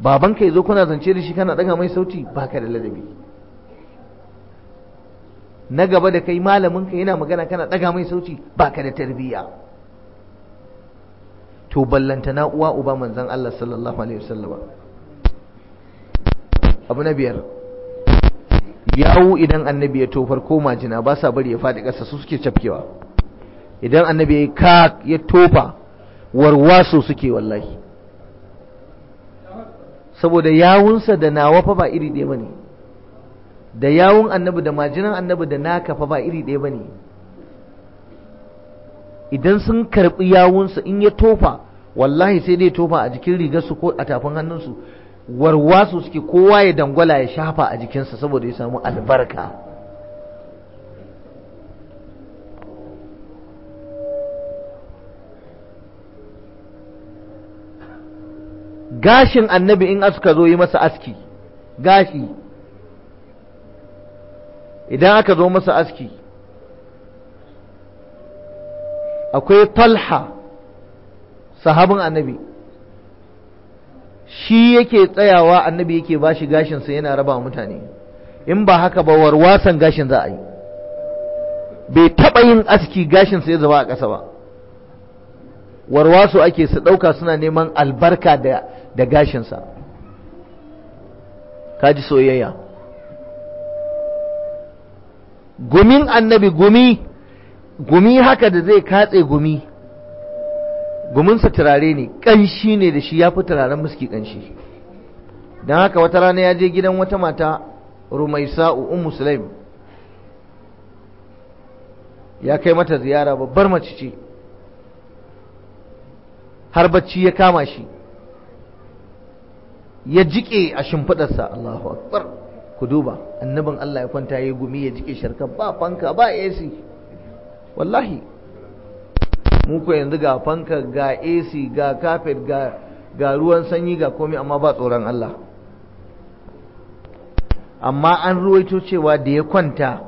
[SPEAKER 1] baban ka yazo kuna zance da shi kana daga mai sauti Ba ka da ladabi na gaba da kai malamin ka yana magana kana daga mai sauti Ba ka da tarbiyya to ballanta na uwa uba manzon Allah sallallahu alaihi wasallam abu na biyar yawo idan annabi ya tofar ko majina ba sa bari ya faɗi ƙasa su suke cafkewa idan annabi ya ka ya tofa warwaso suke wallahi saboda yawunsa da nawa fa ba iri ɗaya bane da yawun annabi da majinan annabi da naka fa ba iri ɗaya bane idan sun karɓi yawunsa in ya tofa wallahi sai dai tofa a jikin rigarsu ko a tafin hannunsu warwaso suke kowa ya dangwala ya shafa a jikinsa saboda ya samu albarka gashin annabi in aka zo yi masa aski gashi idan aka zo masa aski akwai talha sahabin annabi shi yake tsayawa annabi yake ba shi gashinsa yana raba mutane in ba haka ba warwasan gashin za a yi bai taɓa yin aski gashinsa ya zama a ƙasa ba warwaso ake su ɗauka suna neman albarka da da gashinsa kaji soyayya gumin annabi gumi gumi haka da zai katse gumi guminsa turare ne ƙanshi ne da shi ya fi turaren muski ƙanshi don haka wata rana ya je gidan wata mata rumaisa'u un musulaim ya kai mata ziyara babbar mace ce har bacci ya kama shi ya jike a shimfidarsa Allahu akbar ku duba annabin Allah ya kwanta ya gumi ya jike sharka ba fanka ba AC wallahi mu ko yanzu ga fanka ga AC ga kafet ga ga ruwan sanyi ga komai amma ba tsoron Allah amma an ruwaito cewa da ya kwanta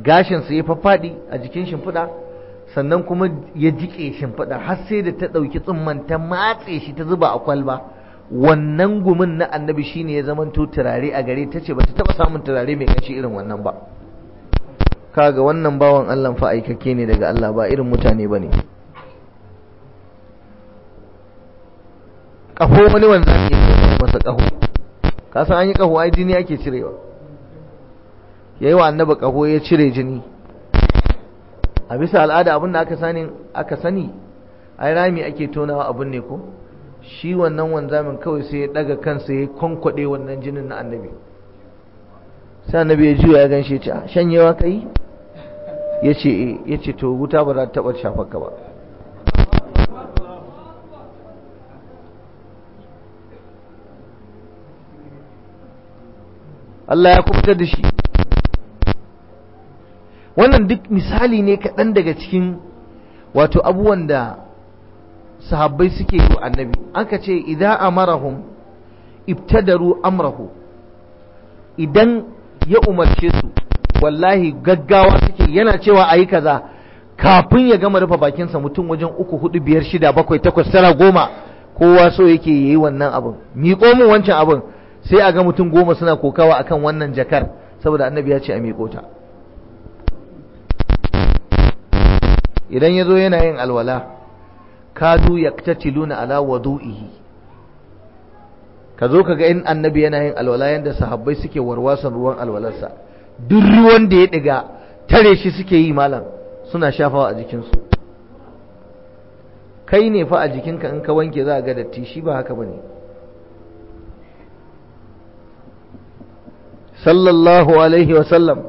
[SPEAKER 1] gashinsa ya faɗi a jikin shimfiɗa sannan kuma ya jike shimfiɗa har sai da ta ɗauki tsumman ta matse shi ta zuba a kwalba wannan gumin na annabi shi ne ya zamanto turare a gare ta ce ba ta taɓa samun turare mai kanshi irin wannan ba kaga wannan bawan Allah fa aikake ne daga Allah ba irin mutane ba ne. kaho wani wanda ake masa kaho ka san an yi kaho ai jini ake cirewa yi wa annabi ƙaho ya cire jini a bisa al'ada abin da aka sani aka sani ai rami ake tonawa abin ne ko shi wannan wanzamin kawai sai ya daga kansa ya kwankwaɗe wannan jinin na annabi sai annabi ya juya ya gan shi ce shanyewa kai ya ce ah, eh. ya ce to wuta ba za ta taɓa shafarka ba Allah ya kubutar da shi wannan duk misali ne kaɗan daga cikin wato abubuwan da sahabbai suke yi annabi aka ce idan amarahum ibtadaru amrahu idan ya umarce su wallahi gaggawa suke yana cewa ayi kaza kafin ya gama rufe bakinsa mutum wajen uku hudu biyar shida bakwai takwas tara goma kowa so yake yi wannan abin miƙo min wancan abin sai a ga mutum goma suna kokawa akan wannan jakar saboda annabi ya ce a miƙo ta idan ya zo yana yin alwala kadu yaktatiluna ala wudu'ihi kazo kaga in annabi yana yin alwala yanda sahabbai suke warwasan ruwan alwalarsa duk ruwan da ya diga tare shi suke yi malam suna shafawa a jikinsu kai ne fa a jikinka in ka wanke za ga datti shi ba haka bane sallallahu alaihi wa sallam.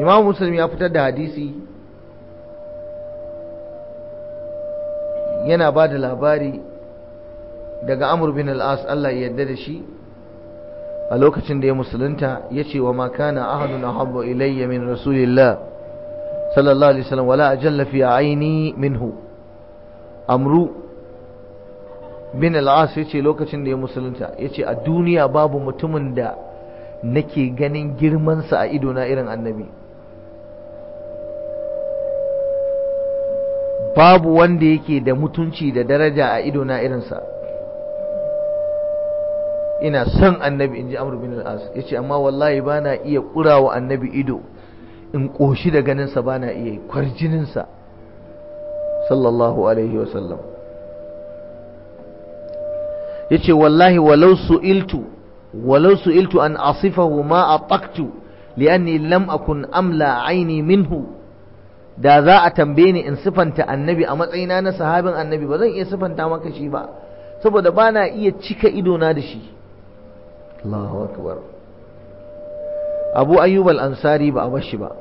[SPEAKER 1] imam muslim ya fitar da hadisi yana ba da labari daga amur bin al'as Allah ya yarda da shi a lokacin da ya musulunta ya ce wa makana na ahabba ilayya min rasulillah sallallahu alaihi wasallam wala ajalla fi aini minhu amru bin al'as ya ce lokacin da ya musulunta ya ce a duniya babu mutumin da nake ganin girmansa a idona irin annabi babu wanda yake da mutunci da daraja a ido na irinsa ina son annabi ji amr bin al’as ya ce amma wallahi bana iya ƙurawa annabi ido in ƙoshi da ganinsa ba bana iya kwarjinin sa sallallahu alaihi wasallam ce wallahi walau su walau an asifahu ma a ataqtu ni lam akun amla aini minhu da za a tambaye ni in sifanta annabi a matsayina na sahabin annabi ba zan iya sifanta maka shi ba saboda ba na iya cika idona da shi Allahu akbar Abu Ayyub al-Ansari ba a bar shi ba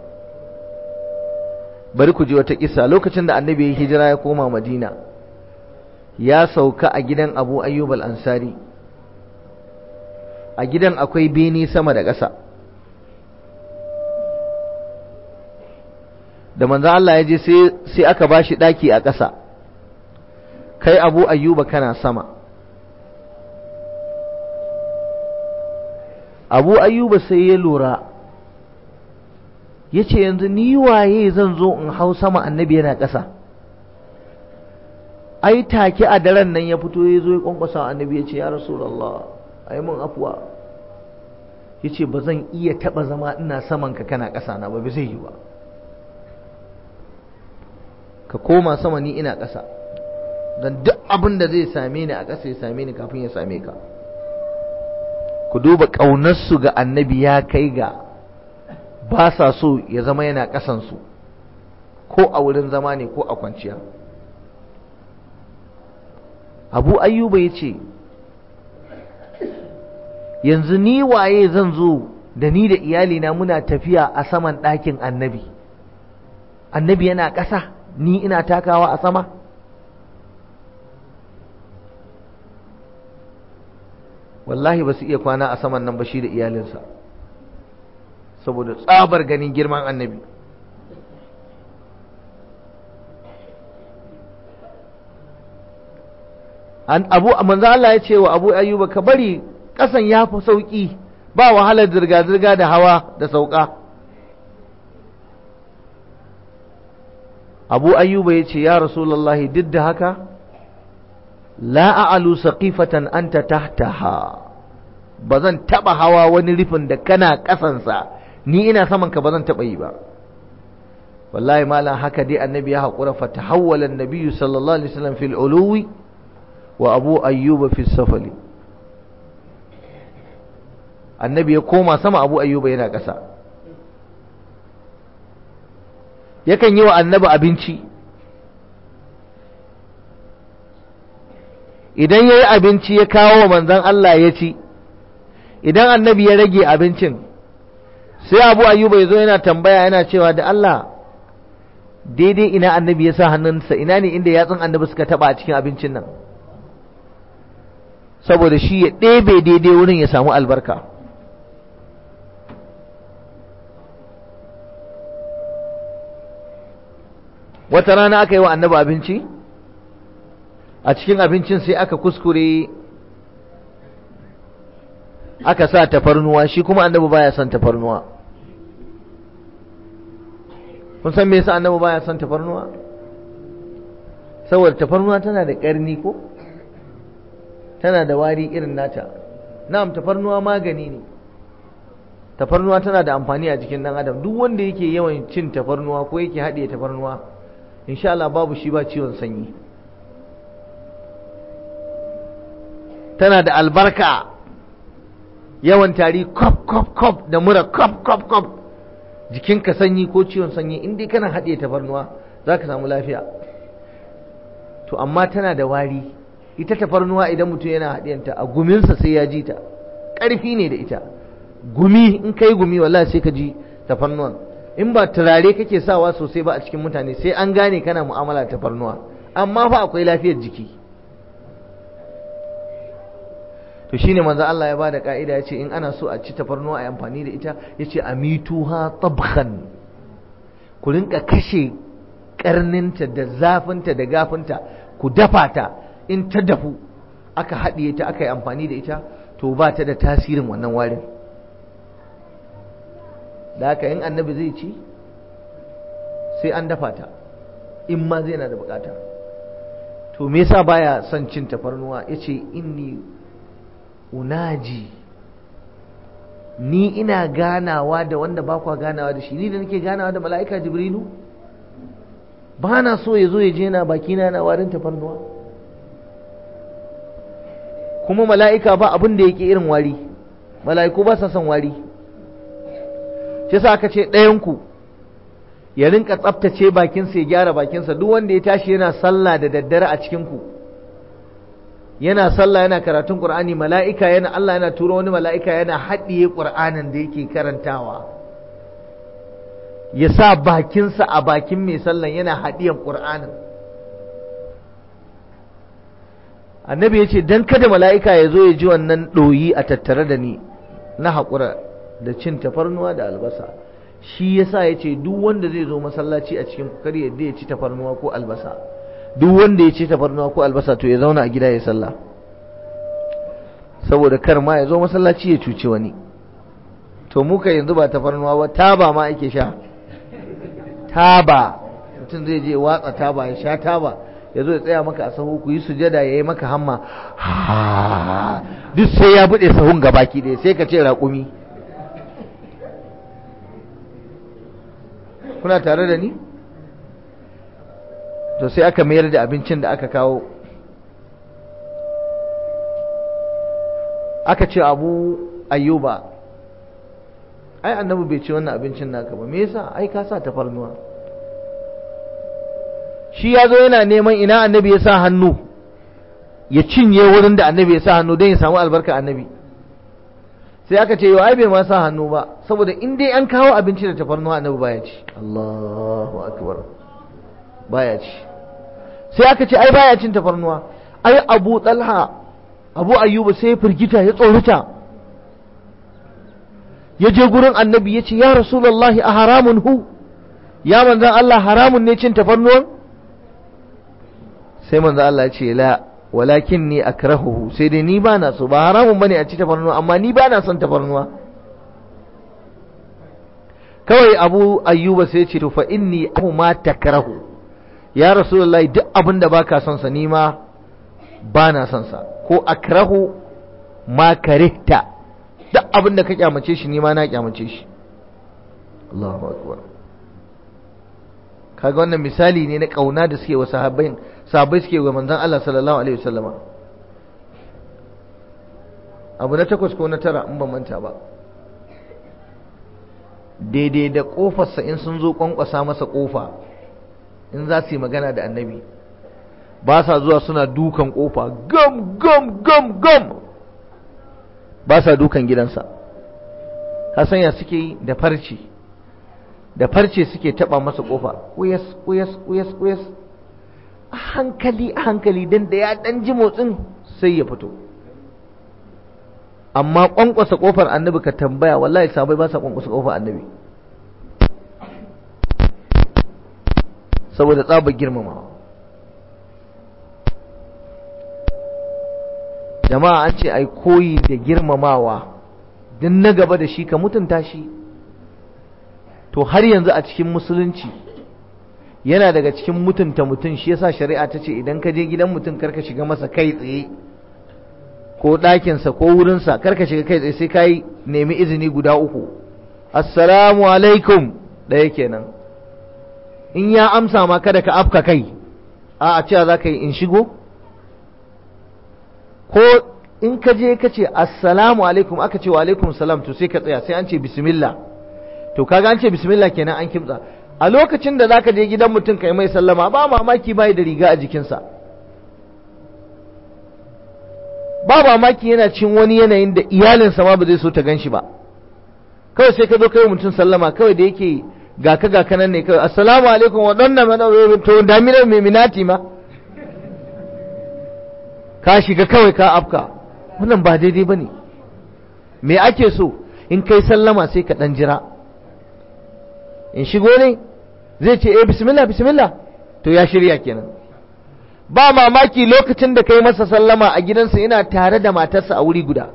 [SPEAKER 1] bari ku ji wata kisa lokacin da annabi ya hijira ya koma Madina ya sauka a gidan Abu Ayyub al-Ansari a gidan akwai bini sama da ƙasa da manzan Allah ya je sai aka ba shi ɗaki a ƙasa kai abu ayyuba kana sama abu ayyuba sai ya lura ya ce yanzu ni waye zan zo in hau sama annabi yana ƙasa ai take a daren nan ya fito ya zo ya kwankwasa annabi ya ce ya rasulallah ai mun afuwa ya ce ba zan iya taɓa zama ina saman ka kana ƙasa na ba zai yi ba ka koma sama ni ina ƙasa don duk abin da zai same ni a ƙasa ya same ni kafin ya same ka ku duba ƙaunarsu ga annabi ya kai ga ba sa so ya zama yana ƙasansu ko a wurin zama ne ko a kwanciya abu ayyuba ya ce yanzu ni waye zan zo da ni da iyalina muna tafiya a saman ɗakin annabi annabi yana ƙasa ni ina takawa a sama wallahi ba su iya kwana a saman nan ba shi da iyalinsa saboda tsabar ganin girman annabi abu manzo Allah ya ce wa abu ayyuba ka bari kasan ya fi sauki ba wahalar zirga-zirga da hawa da sauƙa. abu ayyuba ya ce ya rasulallahi duk da haka laaalu saqifatan anta tahtaha ba zan taɓa hawa wani rufin da kana ƙasansa ni ina samanka ba zan taɓa yi ba wallahi malam haka dai annabi ya haƙura fa tahawwala annabi sallallahu alaihi wasallam fil uluwi wa abu ayyuba fi safali annabi ya koma sama abu ayyuba yana ƙasa yakan yi wa annabi abinci idan ya yi abinci ya kawo wa manzan Allah ya ci idan annabi ya rage abincin sai abu ayyuba ya zo yana tambaya yana cewa da Allah daidai ina annabi ya sa hannunsa ina ne inda yatsun annabi suka taba a cikin abincin nan saboda shi ya ɗebe daidai wurin ya samu albarka wata rana aka yi wa annaba abinci a cikin abincin sai aka kuskure aka sa tafarnuwa shi kuma annaba baya son tafarnuwa kun san me yasa annaba baya son tafarnuwa saboda tafarnuwa tana da ƙarni ko tana da wari irin nata na'am tafarnuwa magani ne tafarnuwa tana da amfani a jikin dan adam duk wanda yake yawan cin tafarnuwa ko yake haɗe tafarnuwa insha Allah babu shi ba ciwon sanyi tana da albarka yawan tari kop kop kop da mura kop kop kop jikinka sanyi ko ciwon sanyi in dai kana haɗe tafarnuwa za ka samu lafiya to amma tana da wari ita tafarnuwa idan mutum yana haɗiyanta a guminsa sai ya ji ta ƙarfi ne da ita gumi in ka gumi wallahi sai ka ji tafarnuwan in ba turare kake sawa sosai ba a cikin mutane sai an gane kana mu'amala ta farnuwa amma fa akwai lafiyar jiki to shine manzo Allah ya bada ka'ida ya ce in ana so a ci tafarnuwa a yi amfani da ita ya ce amituha tabkhan ku rinka kashe karninta da zafinta da gafinta ku dafa ta in ta dafu aka haɗiye ta aka yi amfani da ita to ba ta da tasirin wannan warin da haka in annabi zai ci sai an dafa ta in ma zai na da bukata to me yasa baya son cin tafarnuwa yace inni unaji ni ina ganawa da wanda ba kwa ganawa da shi ni da nake ganawa da mala'ika jibrilu ba na so ya zo ya je na bakina na warin tafarnuwa kuma mala'ika ba abin da yake irin wari mala'iku ba sa son wari yasa aka ce ɗayan ku ya rinka tsaftace bakinsa ya gyara bakinsa duk wanda ya tashi yana sallah da daddare a cikinku yana sallah yana karatun Qur'ani mala'ika yana Allah yana turo wani mala'ika yana haɗiye Qur'anin da yake karantawa ya sa bakinsa a bakin mai sallan yana haɗiyan Qur'anin annabi ya ce don kada mala'ika ya zo ya ji wannan ɗoyi a tattare da ni na haƙura da cin tafarnuwa da albasa shi yasa ce duk wanda zai zo masallaci a cikin kar yadda ya ci tafarnuwa ko albasa duk wanda ya ci tafarnuwa ko albasa to ya zauna a gida ya sallah saboda kar ma ya zo masallaci ya cuci wani to muka yanzu ba tafarnuwa ba taba ma ake sha taba mutum zai je watsa taba ya sha taba ya zo ya tsaya maka a sahu ku yi sujada ya yi maka hamma duk sai ya buɗe sahun gabaki ɗaya sai ka ce raƙumi kuna tare da ni to sai aka mayar da abincin da aka kawo aka ce abu ayyuba ai annabi bai ce wannan abincin naka ba me yasa ai ka sa tafarnuwa shi ya zo yana neman ina annabi ya sa hannu ya cinye wurin da annabi ya sa hannu don ya samu albarka annabi sai aka ce ai bai ma sa hannu ba saboda in dai an kawo abinci da tafarnuwa nabu baya ci Allahu akbar baya ci sai aka ce ai baya cin tafarnuwa ai Abu Talha Abu Ayyuba sai firgita ya tsorata ya je gurin annabi ya ce ya rasulullahi a haramun hu ya manzan Allah haramun ne cin tafarnuwan sai manzan Allah ya ce la walakin ni akrahuhu sai dai ni ba na so ba haramun bane a ci tafarnuwa amma ni ba na son tafarnuwa kawai abu ayyuba sai ce to fa inni abu ma takrahu ya rasulullahi duk abin da baka son sa ni ma na son sa ko akrahu ma karita duk abin da ka kyamace shi ni ma na kyamace shi Allahu akbar kaga wannan misali ne na kauna da suke wa sahabbai sabai suke ga manzon Allah sallallahu alaihi wasallama abu na takwas ko na tara in ban manta ba daidai da kofarsa in sun zo kwankwasa masa kofa in za su yi magana da annabi ba sa zuwa suna dukan kofa gam gam gam gam ba sa dukan gidansa hasan ya suke yi da farce da farce suke taba masa kofa kuyas kuyas kuyas kuyas a hankali a hankali don da ya ɗan ji motsin sai ya fito amma ƙwanƙwasa ƙofar annabi ka tambaya wallahi sabai ba sa ƙwanƙwasa ƙofar annabi saboda tsaba girmamawa jama'a an ce ai koyi da girmamawa din na gaba da shi ka mutunta shi to har yanzu a cikin musulunci yana daga cikin mutunta mutum shi yasa shari'a ta ce idan ka je gidan mutum karka shiga masa kai tsaye ko ɗakinsa ko wurinsa karka shiga kai tsaye sai kai nemi izini guda uku assalamu alaikum ɗaya kenan in ya amsa ma kada ka afka kai a a cewa za ka yi in shigo ko in ka je ka ce assalamu alaikum aka ce wa alaikum salam to sai ka tsaya sai an ce bismillah to kaga an ce bismillah kenan an kimtsa a lokacin da zaka je gidan mutum kai mai sallama ba mamaki bai da riga a jikinsa ba mamaki yana cin wani yanayin da iyalinsa ma ba zai so ta gan shi ba kawai sai ka zo kai mutum sallama kawai da yake gaka gaka nan ne kawai assalamu alaikum waɗannan mana to daminar mai minati ma ka shiga kawai ka afka wannan ba daidai ba ne me ake so in kai sallama sai ka ɗan jira in shigo ne zai ce eh bismillah bismillah to ya shirya kenan ba mamaki lokacin da kai masa sallama a gidansa Ina tare da matarsa a wuri guda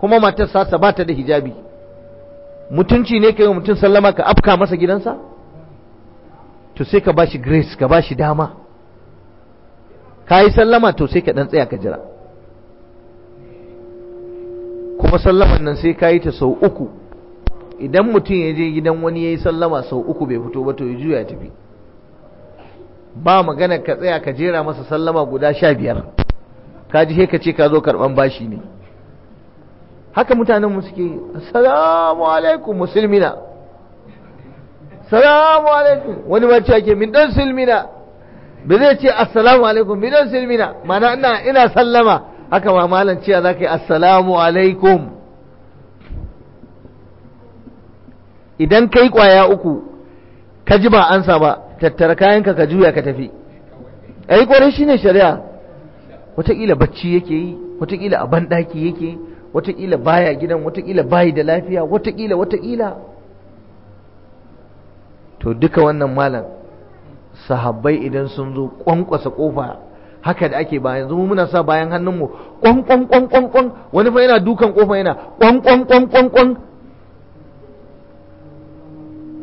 [SPEAKER 1] kuma matarsa sa ba ta da hijabi mutunci ne kai mutum sallama ka afka masa gidansa to sai ka bashi grace ka bashi dama ka yi sallama to sai ka ɗan tsaya ka jira kuma sallaman nan sai ka yi ta sau uku idan mutum ya je gidan wani ya yi sallama sau uku bai fito ba to ya juya tafi ba magana ka tsaya ka jera masa sallama guda sha biyar ka ji ka ce ka zo karɓan bashi ne haka mutanenmu suke salamu alaikum musulmina salamu alaikum wani ba ce ake min don silmina ba zai ce assalamu alaikum min don silmina mana ina sallama haka ma malam za ka yi assalamu alaikum idan kai kwaya uku ka ji ba ansa ba tattara kayanka ka juya ka tafi ai kwarai shine shari'a wataƙila bacci yake yi wataƙila a banɗaki yake yi wataƙila baya gidan wataƙila bayi da lafiya wataƙila wataƙila to duka wannan malam sahabbai idan sun zo kwankwasa kofa haka da ake bayan zumu muna sa bayan hannunmu ƙwanƙwan, ƙwanƙwan, wani fa yana dukan kofa yana ƙwanƙwan, ƙwanƙwan,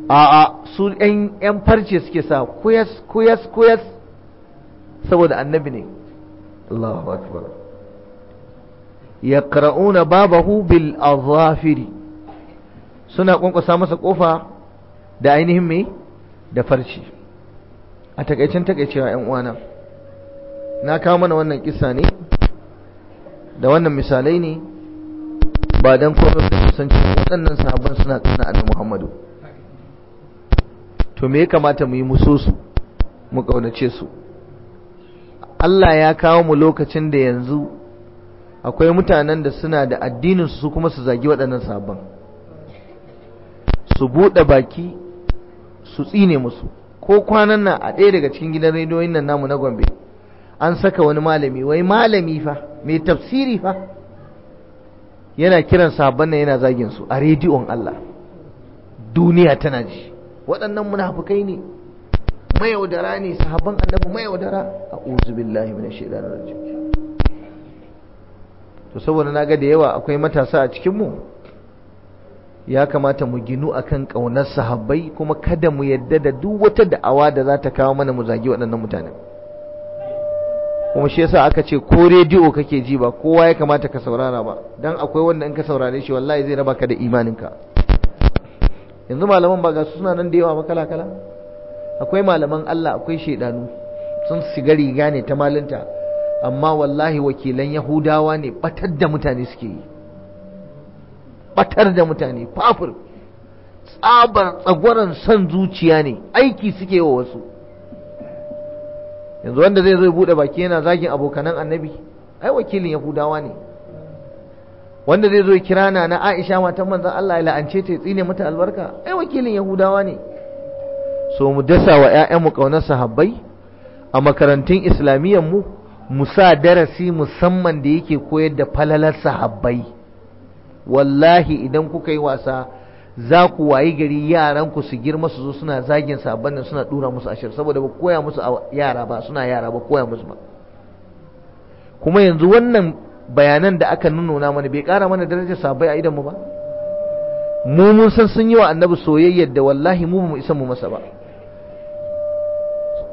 [SPEAKER 1] a'a su ƴan farce suke sa kuyas kuyas kuyas saboda annabi ne Allahu akbar yaqra'una babahu bil azafiri suna kunkusa masa kofa da ainihin me da farce a takaicen takaicewa yan uwana na kawo mana wannan kisa ne da wannan misalai ne ba dan komai san cewa waɗannan sahabban suna tsana annabi Muhammadu to me ya kamata mu yi musosu mu kaunace su Allah ya kawo mu lokacin da yanzu akwai mutanen da suna da addinin su kuma su zagi waɗannan sabon su buɗe baki su tsine musu ko kwanan nan a ɗaya daga cikin gidan rediyoyin nan namu na Gombe an saka wani malami wai malami fa mai tafsiri fa yana kiran sabon nan yana zagin su a rediyon Allah duniya tana ji waɗannan munafukai ne mayaudara ne sahabban annabi mayaudara a uzubillahi min da rajim to saboda naga da yawa akwai matasa a cikinmu ya kamata mu ginu akan kaunar sahabbai kuma kada mu yadda da duk wata da'awa da za ta kawo mana mu zagi waɗannan mutanen kuma shi yasa aka ce ko rediyo kake ji ba kowa ya kamata ka saurara ba dan akwai wanda in ka saurare shi wallahi zai raba ka da imaninka yanzu malaman ba ga suna nan da yawa ba kala kala akwai malaman Allah akwai shaidanu sun shiga riga ne ta malinta amma wallahi wakilan yahudawa ne batar da mutane suke yi batar da mutane fafur tsabar tsagwaron son zuciya ne aiki suke wa wasu yanzu wanda zai zo bude baki yana zagin abokanan annabi ai wakilin yahudawa ne wanda zai zo kira na na Aisha matan manzon Allah ya la'ance ta tsine mata albarka ai wakilin Yahudawa ne so mu dasa wa ƴaƴan mu kaunar sahabbai a makarantun islamiyyan mu mu sa darasi musamman da yake koyar da falalar sahabbai wallahi idan kuka yi wasa za ku wayi gari yaran ku su girma su zo suna zagin sahabban nan suna dura musu ashir saboda ba koya musu yara ba suna yara ba koya musu ba kuma yanzu wannan bayanan da aka nuna mana bai kara mana darajar sabai a idan mu ba mu mun san sun yi wa annabi soyayya da wallahi mu mu isa mu masa ba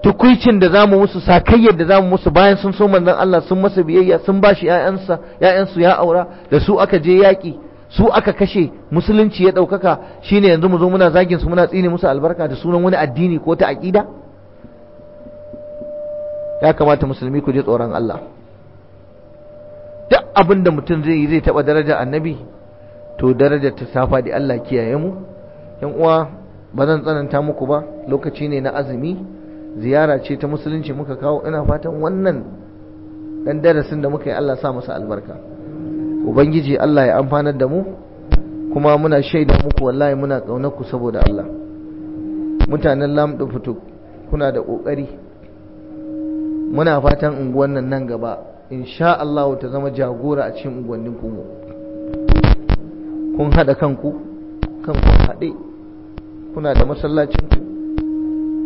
[SPEAKER 1] tukuicin da zamu musu sakayyar da zamu musu bayan sun so manzon Allah sun masa biyayya sun bashi ƴaƴansa ƴaƴansu ya aura da su aka je yaƙi su aka kashe musulunci ya ɗaukaka shine yanzu mu zo muna zagin su muna tsine musu albarka da sunan wani addini ko ta aƙida ya kamata musulmi ku je tsoron Allah duk abin da mutum zai yi zai taɓa daraja annabi to daraja ta safa faɗi Allah kiyaye mu yan uwa ba zan tsananta muku ba lokaci ne na azumi ziyara ce ta musulunci muka kawo ina fatan wannan dan darasin da muka yi Allah sa masa albarka ubangiji Allah ya amfanar da mu kuma muna shaida muku wallahi muna kaunar ku saboda Allah mutanen lam da kuna da kokari muna fatan unguwan nan nan gaba insha Allah ta zama jagora a cikin unguwannin ku kun hada kanku kanku haɗe kuna da masallacin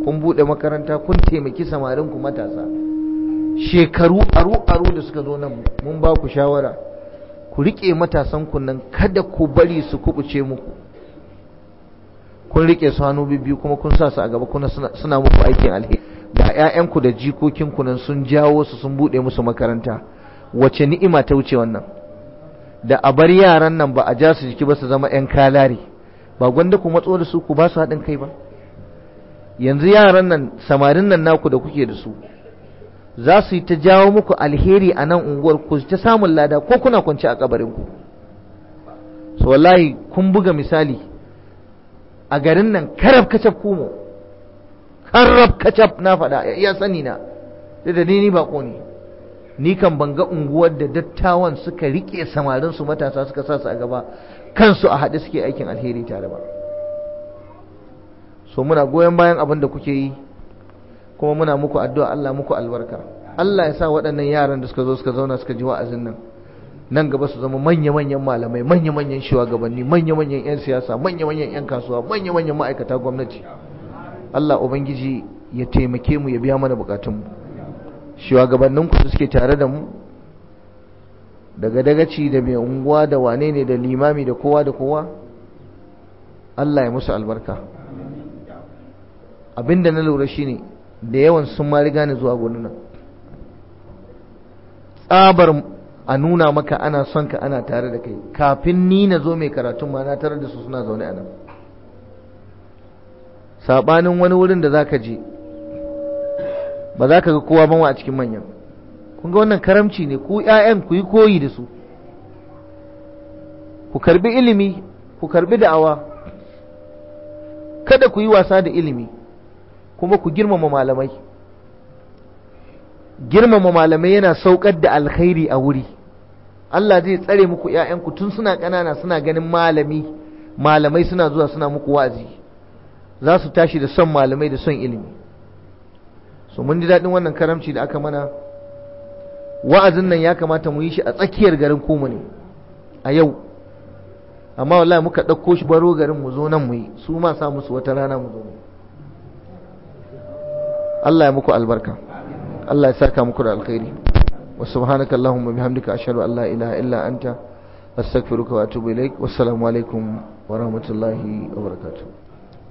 [SPEAKER 1] kun bude makaranta kun taimaki samarin ku matasa shekaru aru aru da suka zo nan mun ba ku shawara ku rike matasan nan kada ku bari su kubuce muku kun rike su hannu biyu kuma kun sa su a gaba kuna suna muku aikin alheri da 'ya'yanku da jikokinku nan sun jawo su sun buɗe musu makaranta wace ni'ima ta wuce wannan da a bar yaran nan ba a ja su jiki ba su zama 'yan kalari ba gwanda ku matso da su ku ba su haɗin kai ba yanzu yaran nan samarin nan naku da kuke da su za su yi ta jawo muku alheri a nan unguwar ku ta samun lada ko kuna kwance a kabarinku? ku so wallahi kun buga misali a garin nan karab kacab kumo karrab kacab na faɗa ya iya sani na sai da ni ba ne ni kan banga unguwar da dattawan suka rike samarin su matasa suka sa a gaba kansu a haɗe suke aikin alheri tare ba so muna goyon bayan abin da kuke yi kuma muna muku addu'a Allah muku albarka Allah ya sa waɗannan yaran da suka zo suka zauna suka ji wa'azin nan nan gaba su zama manya-manyan malamai manya-manyan shugabanni manya-manyan 'yan siyasa manya-manyan 'yan kasuwa manya-manyan ma'aikata gwamnati Allah ubangiji ya taimake mu ya biya mana bukatunmu shugabanninku suke tare da mu daga dagaci da mai unguwa da wane ne da limami da kowa da kowa Allah ya musu albarka abinda na lura shine da yawan sun ma riga ni zuwa gurin tsabar a nuna maka ana son ka ana tare da kai kafin ni na zo mai karatun ma na tare da su suna zaune a nan sabanin wani wurin da zaka je ba za ka ga kowa banwa a cikin manyan kun ga wannan karamci ne ku ƴaƴan ku yi koyi da su ku karbi ilimi ku karbi da'awa kada ku yi wasa da ilimi kuma ku girmama malamai girmama malamai yana saukar da alkhairi a wuri Allah zai tsare muku 'ya'yanku tun suna ƙanana suna ganin malami malamai suna zuwa suna muku wa'azi za su tashi da son malamai da son ilimi so mun ji daɗin wannan karamci da aka mana wa'azin nan ya kamata mu yi shi a tsakiyar garin komu ne a yau amma wallahi muka ɗauko shi baro garin mu zo nan mu yi su ma sa musu wata rana mu zo Allah ya muku albarka Allah ya saka muku da alkhairi wa subhanaka allahumma bihamdika ashhadu an la ilaha illa anta astaghfiruka wa atubu ilaik wassalamu alaikum wa rahmatullahi wa barakatuh